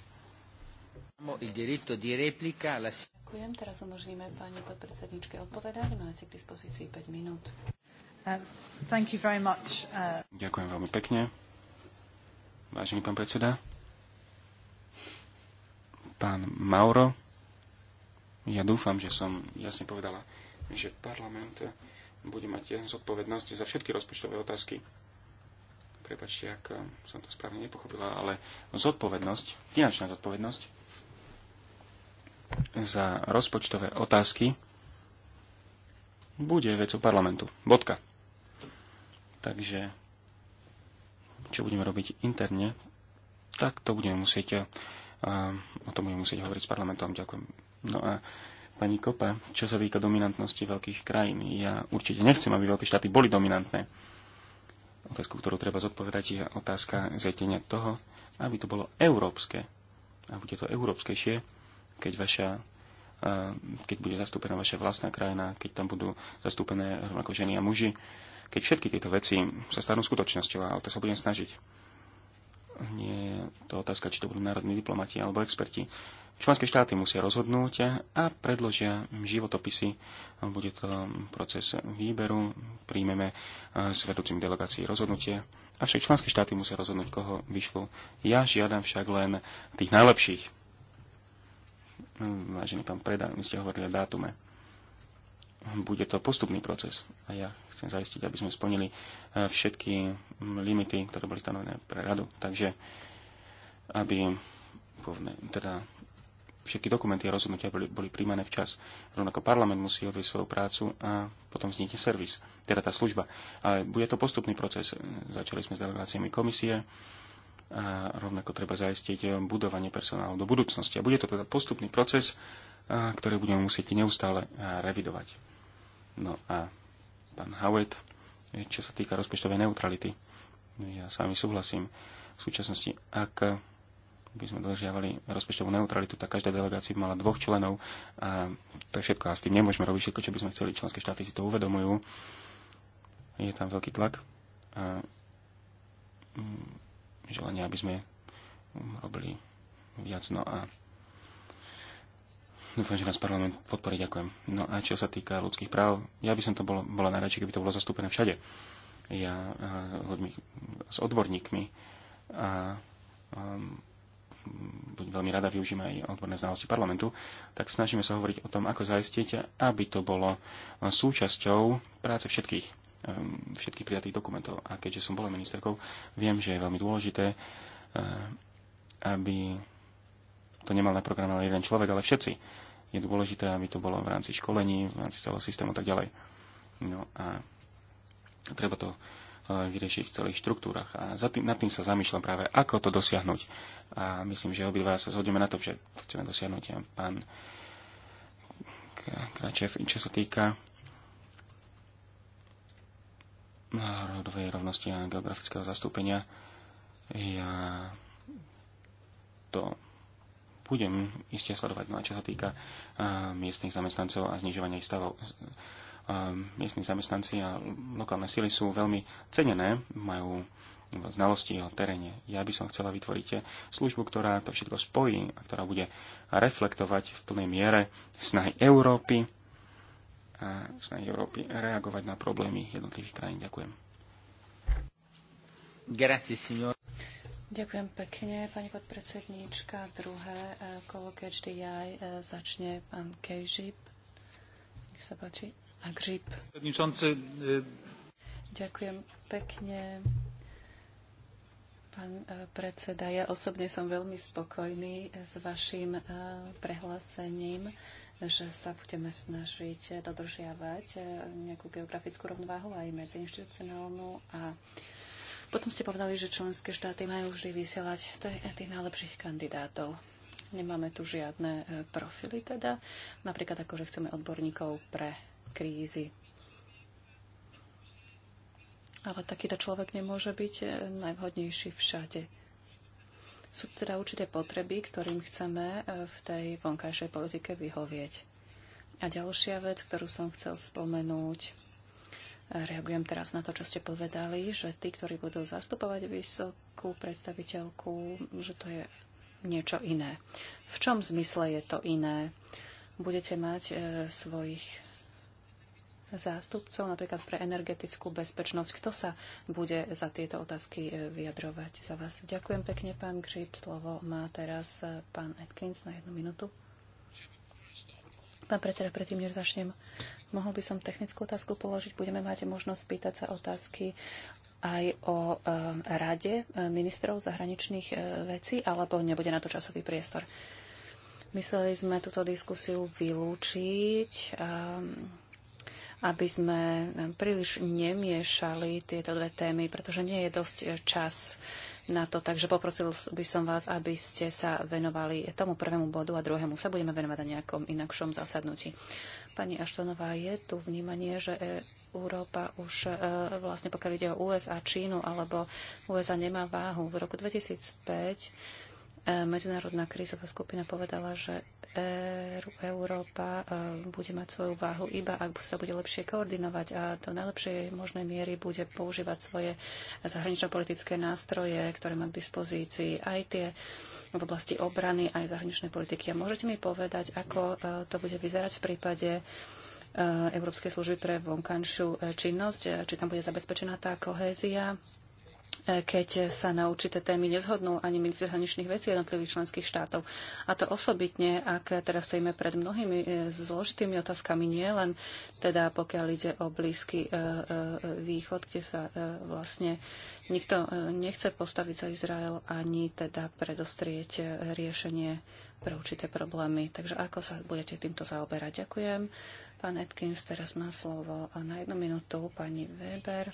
Ďakujem. Teraz umožníme pani podpredsedničke odpovedať. Máte k dispozícii 5 minút. Uh, uh... Ďakujem veľmi pekne. Vážený pán predseda. Pán Mauro. Ja dúfam, že som jasne povedala, že parlament bude mať zodpovednosť za všetky rozpočtové otázky prepačte, ak som to správne nepochopila, ale zodpovednosť, finančná zodpovednosť za rozpočtové otázky bude vecou parlamentu. Bodka. Takže, čo budeme robiť interne, tak to budeme musieť, a, o tom budeme musieť hovoriť s parlamentom. Ďakujem. No a pani Kopa, čo sa týka dominantnosti veľkých krajín, ja určite nechcem, aby veľké štáty boli dominantné otázku, ktorú treba zodpovedať, je otázka zetenia toho, aby to bolo európske. A bude to európskejšie, keď vaša keď bude zastúpená vaša vlastná krajina, keď tam budú zastúpené rovnako ženy a muži, keď všetky tieto veci sa stanú skutočnosťou, ale to sa budem snažiť. Nie je to otázka, či to budú národní diplomati alebo experti. Členské štáty musia rozhodnúť a predložia životopisy. Bude to proces výberu, príjmeme e, s vedúcim delegácií rozhodnutie. Avšak členské štáty musia rozhodnúť, koho vyšlo. Ja žiadam však len tých najlepších. Mm, vážený pán Preda, my ste hovorili o dátume bude to postupný proces a ja chcem zaistiť, aby sme splnili e, všetky mm, limity, ktoré boli stanovené pre radu. Takže, aby povne, teda všetky dokumenty a rozhodnutia boli, boli príjmané včas. Rovnako parlament musí odviesť svoju prácu a potom vznikne servis, teda tá služba. Ale bude to postupný proces. Začali sme s delegáciami komisie a rovnako treba zaistiť budovanie personálu do budúcnosti. A bude to teda postupný proces, ktorý budeme musieť neustále revidovať. No a pán Howitt, čo sa týka rozpočtovej neutrality, ja s vami súhlasím v súčasnosti, ak by sme dodržiavali rozpočtovú neutralitu, tak každá delegácia mala dvoch členov a to je všetko. A s tým nemôžeme robiť všetko, čo by sme chceli. Členské štáty si to uvedomujú. Je tam veľký tlak a mm, želanie, aby sme robili viac. No a dúfam, že nás parlament podporí. Ďakujem. No a čo sa týka ľudských práv, ja by som to bolo, bola najradšej, keby to bolo zastúpené všade. Ja s odborníkmi a um, veľmi rada využím aj odborné znalosti parlamentu, tak snažíme sa hovoriť o tom, ako zaistiť, aby to bolo súčasťou práce všetkých, všetkých prijatých dokumentov. A keďže som bola ministerkou, viem, že je veľmi dôležité, eh, aby to nemal na program ale jeden človek, ale všetci. Je dôležité, aby to bolo v rámci školení, v rámci celého systému a tak ďalej. No a treba to E, vyriešiť v celých štruktúrach. A za tým, nad tým sa zamýšľam práve, ako to dosiahnuť. A myslím, že obidva sa zhodneme na tom, že chceme dosiahnuť ja, e, pán Kračev, čo sa týka e, rodovej rovnosti a geografického zastúpenia. Ja to budem iste sledovať. No a čo sa týka miestnych zamestnancov a znižovania ich stavov, miestni zamestnanci a lokálne sily sú veľmi cenené, majú znalosti o teréne. Ja by som chcela vytvoriť službu, ktorá to všetko spojí a ktorá bude reflektovať v plnej miere snahy Európy a snahy Európy reagovať na problémy jednotlivých krajín. Ďakujem. Grazie, signor. Ďakujem pekne, pani podpredsedníčka. Druhé eh, kolo KHDI eh, začne pán Kejžip. Nech sa páči. E, Ďakujem pekne. Pán e, predseda, ja osobne som veľmi spokojný e, s vašim prehlásením, že sa budeme snažiť dodržiavať nejakú geografickú rovnováhu aj medziinstitucionálnu a potom ste povedali, že členské štáty majú vždy vysielať tých najlepších kandidátov. Nemáme tu žiadne profily teda, napríklad ako, že chceme odborníkov pre krízy. Ale takýto človek nemôže byť eh, najvhodnejší všade. Sú teda určité potreby, ktorým chceme eh, v tej vonkajšej politike vyhovieť. A ďalšia vec, ktorú som chcel spomenúť, eh, reagujem teraz na to, čo ste povedali, že tí, ktorí budú zastupovať vysokú predstaviteľku, že to je niečo iné. V čom zmysle je to iné? Budete mať e, svojich zástupcov, napríklad pre energetickú bezpečnosť. Kto sa bude za tieto otázky e, vyjadrovať za vás? Ďakujem pekne, pán Gříp. Slovo má teraz e, pán Atkins na jednu minútu. Pán predseda, predtým, než začnem, mohol by som technickú otázku položiť. Budeme mať možnosť spýtať sa otázky aj o e, rade e, ministrov zahraničných e, vecí, alebo nebude na to časový priestor. Mysleli sme túto diskusiu vylúčiť. E, aby sme príliš nemiešali tieto dve témy, pretože nie je dosť čas na to. Takže poprosil by som vás, aby ste sa venovali tomu prvému bodu a druhému sa budeme venovať na nejakom inakšom zasadnutí. Pani Aštonová, je tu vnímanie, že e- Európa už e, vlastne pokiaľ ide o USA, Čínu alebo USA nemá váhu. V roku 2005 e, medzinárodná krízová skupina povedala, že Európa e, bude mať svoju váhu iba, ak sa bude lepšie koordinovať a do najlepšej možnej miery bude používať svoje zahranično-politické nástroje, ktoré má k dispozícii aj tie v oblasti obrany, aj zahraničnej politiky. A môžete mi povedať, ako e, to bude vyzerať v prípade e, Európskej služby pre vonkanšiu činnosť, či tam bude zabezpečená tá kohézia E, keď sa na určité témy nezhodnú ani minister zahraničných vecí jednotlivých členských štátov. A to osobitne, ak teraz stojíme pred mnohými e, zložitými otázkami, nie len teda pokiaľ ide o blízky e, východ, kde sa vlastne nikto nechce postaviť za Izrael ani teda predostrieť riešenie pre určité problémy. Takže ako sa budete týmto zaoberať? Ďakujem. Pán Atkins teraz má slovo a na jednu minútu pani Weber.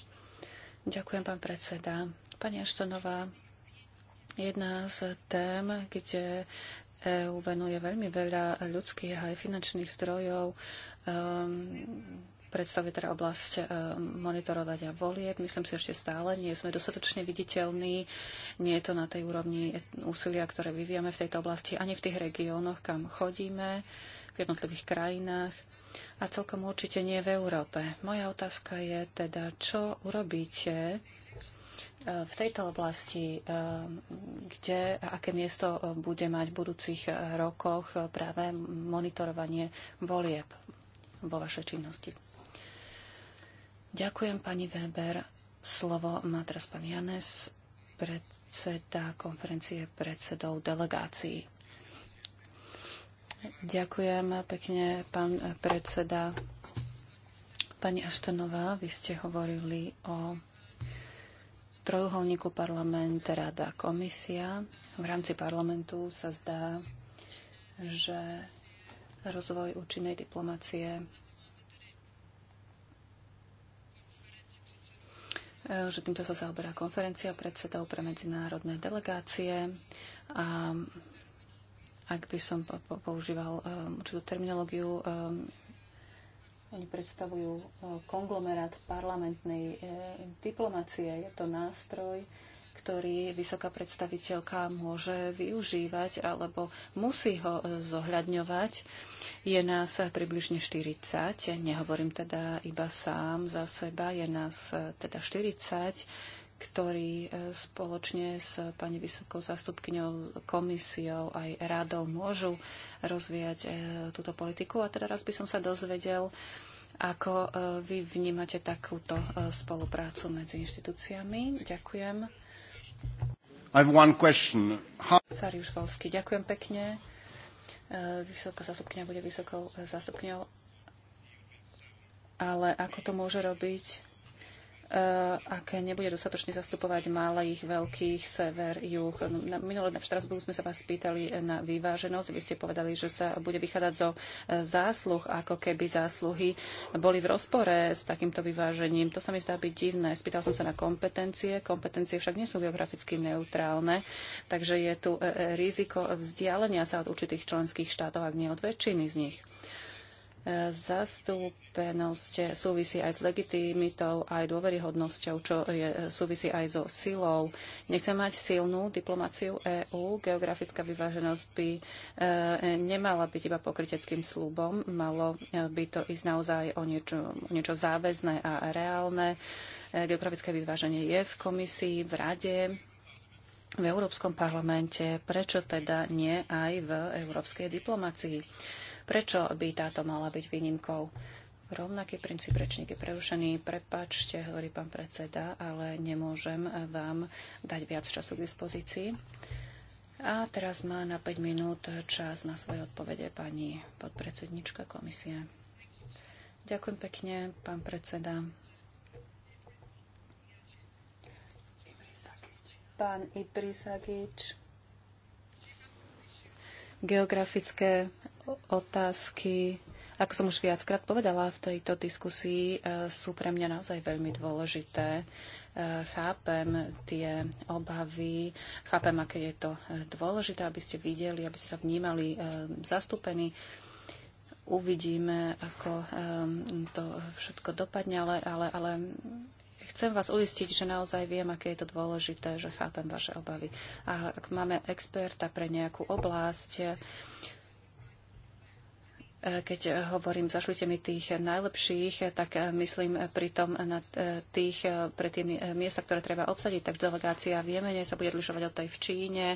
Ďakujem, pán predseda. Pani Aštonová, jedna z tém, kde EU venuje veľmi veľa ľudských a aj finančných zdrojov, um, predstavuje teda oblasť e, monitorovania volieb. Myslím si, ešte stále nie sme dostatočne viditeľní. Nie je to na tej úrovni úsilia, ktoré vyvíjame v tejto oblasti, ani v tých regiónoch, kam chodíme. Uh, v jednotlivých krajinách a celkom určite nie v Európe. Moja otázka je teda, čo urobíte e, v tejto oblasti, e, kde a aké miesto e, bude mať v budúcich rokoch práve monitorovanie volieb vo vašej činnosti. Ďakujem pani Weber. Slovo má teraz pán Janes, predseda konferencie predsedov delegácií. Ďakujem pekne, pán predseda. Pani Aštenová, vy ste hovorili o trojuholníku parlament, rada, komisia. V rámci parlamentu sa zdá, že rozvoj účinnej diplomácie. že týmto sa zaoberá konferencia predsedov pre medzinárodné delegácie a ak by som používal um, určitú terminológiu, um, oni predstavujú uh, konglomerát parlamentnej uh, diplomácie. Je to nástroj, ktorý vysoká predstaviteľka môže využívať alebo musí ho uh, zohľadňovať. Je nás približne 40, nehovorím teda iba sám za seba, je nás teda 40 ktorý e, spoločne s pani vysokou zastupkyňou, komisiou aj radou môžu rozvíjať e, túto politiku. A teda raz by som sa dozvedel, ako e, vy vnímate takúto spoluprácu medzi inštitúciami. Ďakujem. I have one question. How... Sariuš Volsky, ďakujem pekne. Vysoká zastupkňa bude vysokou zastupkňou. Ale ako to môže robiť Eh, aké nebude dostatočne zastupovať malých, veľkých, sever, juh. No, na, minulé v Štrasburgu sme sa vás spýtali na vyváženosť. Vy ste povedali, že sa bude vychádzať zo eh, zásluh, ako keby zásluhy boli v rozpore s takýmto vyvážením. To sa mi zdá byť divné. Spýtal som sa na kompetencie. Kompetencie však nie sú geograficky neutrálne, takže je tu eh, riziko vzdialenia sa od určitých členských štátov, ak nie od väčšiny z nich zastúpenosť súvisí aj s legitimitou, aj dôveryhodnosťou, čo je, súvisí aj so silou. Nechcem mať silnú diplomáciu EÚ. Geografická vyváženosť by e, nemala byť iba pokryteckým slúbom. Malo e, by to ísť naozaj o niečo, o niečo záväzné a reálne. E, geografické vyváženie je v komisii, v rade, v Európskom parlamente. Prečo teda nie aj v európskej diplomácii? Prečo by táto mala byť výnimkou? Rovnaký princíp rečník je prerušený. Prepačte, hovorí pán predseda, ale nemôžem vám dať viac času k dispozícii. A teraz má na 5 minút čas na svoje odpovede pani podpredsednička komisie. Ďakujem pekne, pán predseda. Pán Iprisagič. Geografické otázky, ako som už viackrát povedala v tejto diskusii, e, sú pre mňa naozaj veľmi dôležité. E, chápem tie obavy, chápem, aké je to e, dôležité, aby ste videli, aby ste sa vnímali zastúpení. Uvidíme, ako to všetko dopadne, ale, ale, ale chcem vás uistiť, že naozaj viem, aké je to dôležité, že chápem vaše obavy. A ak máme experta pre nejakú oblasť, keď hovorím, zašlite mi tých najlepších, tak myslím pritom na eh, tých, eh, pre tie miesta, ktoré treba obsadiť, tak delegácia v Jemene sa bude odlišovať od tej v Číne,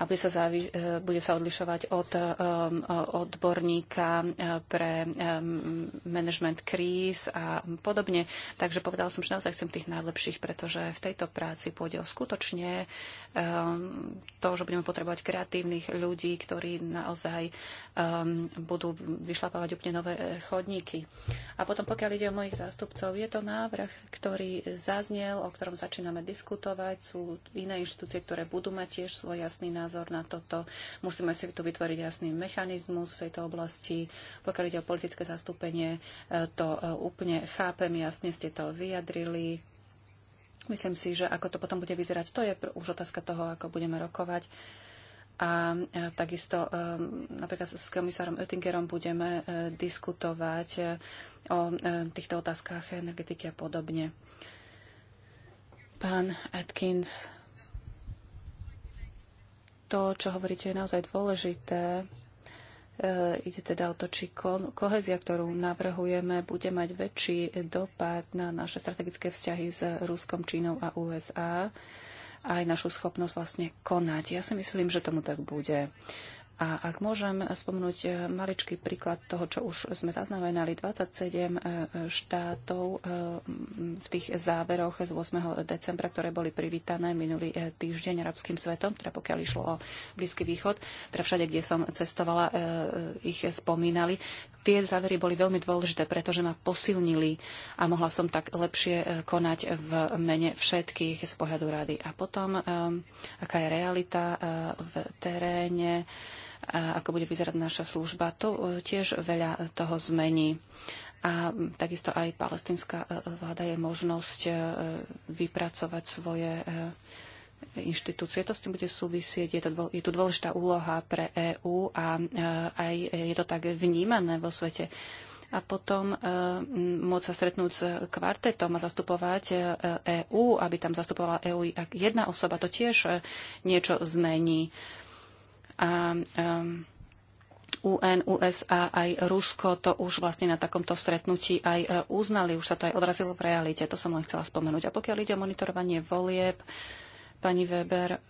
a bude sa, závi- e, bude sa odlišovať od e, e, odborníka pre management kríz a podobne. Takže povedal som, že naozaj chcem tých najlepších, pretože v tejto práci pôjde o skutočne to, že budeme potrebovať kreatívnych ľudí, ktorí naozaj budú vyšlapávať úplne nové chodníky. A potom, pokiaľ ide o mojich zástupcov, je to návrh, ktorý zaznel, o ktorom začíname diskutovať. Sú iné inštitúcie, ktoré budú mať tiež svoj jasný názor názor na toto. Musíme si tu vytvoriť jasný mechanizmus v tejto oblasti. Pokiaľ ide o politické zastúpenie, e, to e, úplne chápem, jasne ste to vyjadrili. Myslím si, že ako to potom bude vyzerať, to je už otázka toho, ako budeme rokovať. A e, takisto napríklad s komisárom Oettingerom budeme diskutovať o týchto otázkach energetiky a podobne. Pán Atkins, to, čo hovoríte, je naozaj dôležité. E, ide teda o to, či ko- kohezia, ktorú navrhujeme, bude mať väčší dopad na naše strategické vzťahy s Ruskom, Čínou a USA a aj našu schopnosť vlastne konať. Ja si myslím, že tomu tak bude. E, a ak môžem spomnúť eh, maličký príklad toho, čo už sme zaznamenali, 27 eh, štátov eh, v tých záveroch z 8. decembra, ktoré boli privítané minulý týždeň arabským svetom, teda pokiaľ išlo o Blízky východ, teda všade, kde som cestovala, ich spomínali. Tie závery boli veľmi dôležité, pretože ma posilnili a mohla som tak lepšie konať v mene všetkých z pohľadu rady. A potom, aká je realita v teréne, a ako bude vyzerať naša služba, to e, tiež veľa toho zmení. A takisto aj palestinská e, vláda je možnosť e, vypracovať svoje inštitúcie. To s tým bude súvisieť. Je, to, je tu dôležitá úloha pre EÚ a aj je to tak vnímané vo svete a potom môcť sa stretnúť s kvartetom a zastupovať EÚ, aby tam zastupovala EÚ jedna osoba, to tiež niečo zmení a um, UN, USA aj Rusko to už vlastne na takomto stretnutí aj e, uznali, už sa to aj odrazilo v realite. To som len chcela spomenúť. A pokiaľ ide o monitorovanie volieb, pani Weber,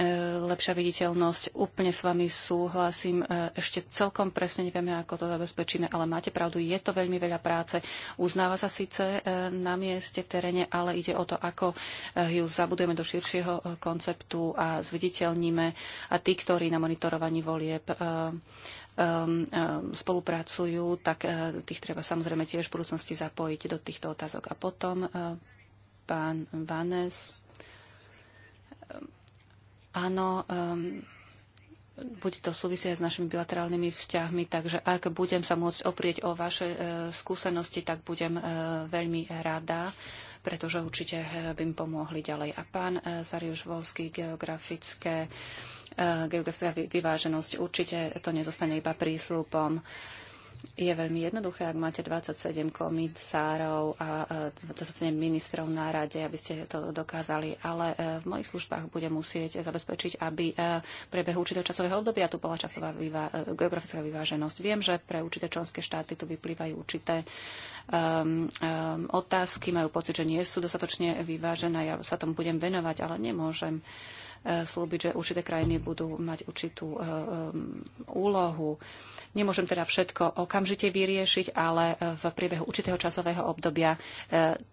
E, lepšia viditeľnosť. Úplne s vami súhlasím. E, ešte celkom presne nevieme, ako to zabezpečíme, ale máte pravdu, je to veľmi veľa práce. Uznáva sa síce e, na mieste v teréne, ale ide o to, ako ju zabudujeme do širšieho konceptu a zviditeľníme. A tí, ktorí na monitorovaní volieb spolupracujú, tak tých treba samozrejme tiež v budúcnosti zapojiť do týchto otázok. A potom pán Vanes Áno, um, ehm, buď to súvisia s našimi bilaterálnymi vzťahmi, takže ak budem sa môcť oprieť o vaše uh, skúsenosti, tak budem uh, veľmi rada, pretože určite e, by mi pomohli ďalej. A pán e, Zariuš Volský, geografické, geografická vyváženosť, určite to nezostane iba prísľubom je veľmi jednoduché, ak máte 27 komisárov a 27 e, ministrov na rade, aby ste to dokázali, ale e, v mojich službách budem musieť zabezpečiť, aby e, prebehu určitého časového obdobia tu bola časová vyvá- geografická vyváženosť. Viem, že pre určité členské štáty tu vyplývajú určité um, um, otázky, majú pocit, že nie sú dostatočne vyvážené. Ja sa tomu budem venovať, ale nemôžem uh, E, slúbiť, že určité krajiny budú mať určitú e, e, úlohu. Nemôžem teda všetko okamžite vyriešiť, ale v priebehu určitého časového obdobia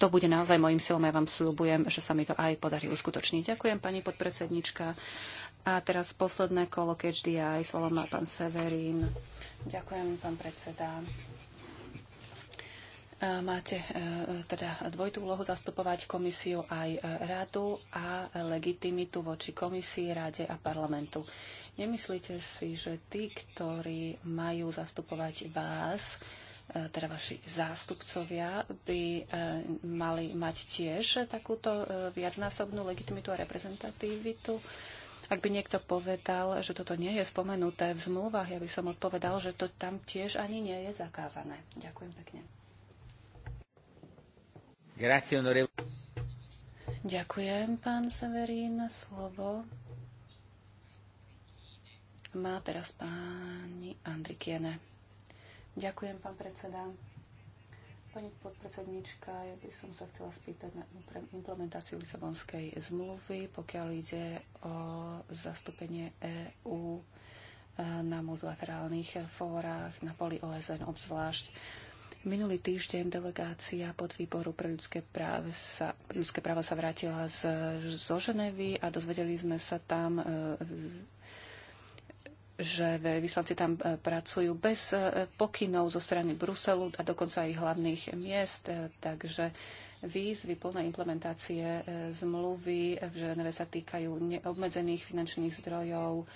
to bude naozaj mojim silom. Ja vám slúbujem, že sa mi to aj podarí uskutočniť. Ďakujem, pani podpredsednička. A teraz posledné kolo aj Slovo má pán Severín. Ďakujem, pán predseda. E, máte e, teda dvojitú úlohu zastupovať komisiu aj e, radu a legitimitu voči komisii, rade a parlamentu. Nemyslíte si, že tí, ktorí majú zastupovať vás, teda vaši zástupcovia, by mali mať tiež takúto viacnásobnú legitimitu a reprezentativitu? Ak by niekto povedal, že toto nie je spomenuté v zmluvách, ja by som odpovedal, že to tam tiež ani nie je zakázané. Ďakujem pekne. Ďakujem, pán Severín. Slovo má teraz pani Andrikiene. Ďakujem, pán predseda. Pani podpredsednička, ja by som sa chcela spýtať na implementáciu Lisabonskej zmluvy, pokiaľ ide o zastúpenie EÚ eh, na multilaterálnych fórach, na poli OSN obzvlášť. Minulý týždeň delegácia pod výboru pre ľudské, práve sa, ľudské práva sa vrátila z, zo Ženevy a dozvedeli sme sa tam, e, že vyslanci tam e, pracujú bez e, pokynov zo strany Bruselu a dokonca aj hlavných miest, takže výzvy plnej implementácie zmluvy v Ženeve sa týkajú neobmedzených finančných zdrojov,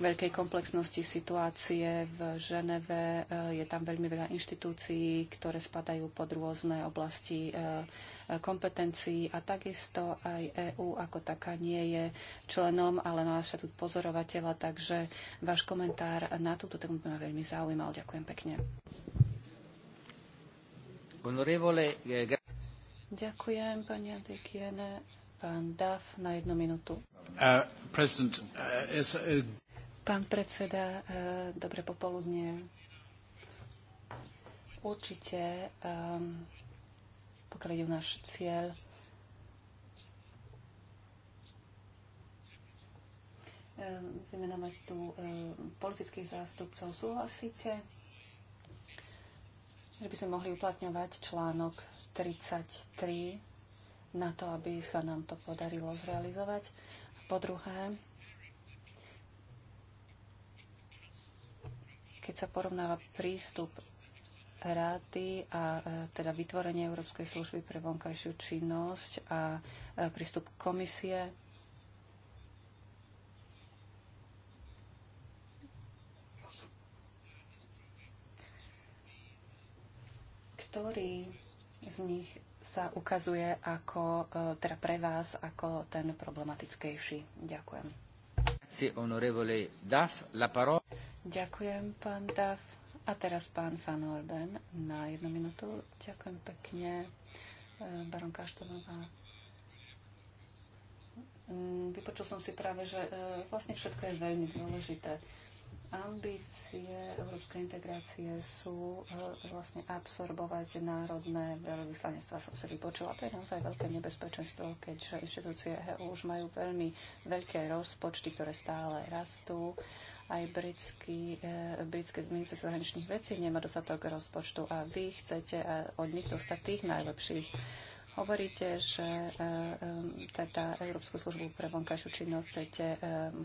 veľkej komplexnosti situácie v Ženeve. Eh, je tam veľmi veľa inštitúcií, ktoré spadajú pod rôzne oblasti eh, kompetencií a takisto aj EÚ ako taká nie je členom, ale má sa tu pozorovateľa, takže váš komentár na túto tému by ma veľmi zaujímal. Ďakujem pekne. Eh, Ďakujem, pani Adekiene. Pán Dav na jednu minútu. Uh, Pán predseda, eh, dobre popoludne. Určite, ehm, pokiaľ je náš cieľ, ehm, vymenovať tu ehm, politických zástupcov. Súhlasíte, že by sme mohli uplatňovať článok 33 na to, aby sa nám to podarilo zrealizovať? Po druhé, Keď sa porovnáva prístup rády a e, teda vytvorenie Európskej služby pre vonkajšiu činnosť a e, prístup komisie. Ktorý z nich sa ukazuje ako, e, teda pre vás ako ten problematickejší? Ďakujem. Grazie, onorevole La parola... Ďakujem, pán Dav. A teraz pán Van Orben na jednu minútu. Ďakujem pekne, eh, baron Kaštonová. Mm, vypočul som si práve, že eh, vlastne všetko je veľmi dôležité. Ambície európskej integrácie sú eh, vlastne absorbovať národné veľvyslanectvá. Som si vypočula, to je naozaj veľké nebezpečenstvo, keďže inštitúcie EU už majú veľmi veľké rozpočty, ktoré stále rastú aj britský, e, britské ministerstvo zahraničných vecí nemá dostatok rozpočtu a vy chcete e, od nich dostať tých najlepších. Hovoríte, že e, e, teda Európsku službu pre vonkajšiu činnosť chcete e,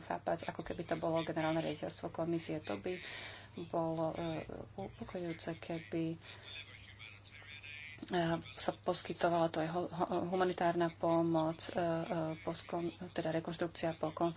chápať, ako keby to bolo generálne riaditeľstvo komisie. To by bolo e, upokojujúce, keby sa poskytovala to aj humanitárna pomoc, teda rekonštrukcia po konflikte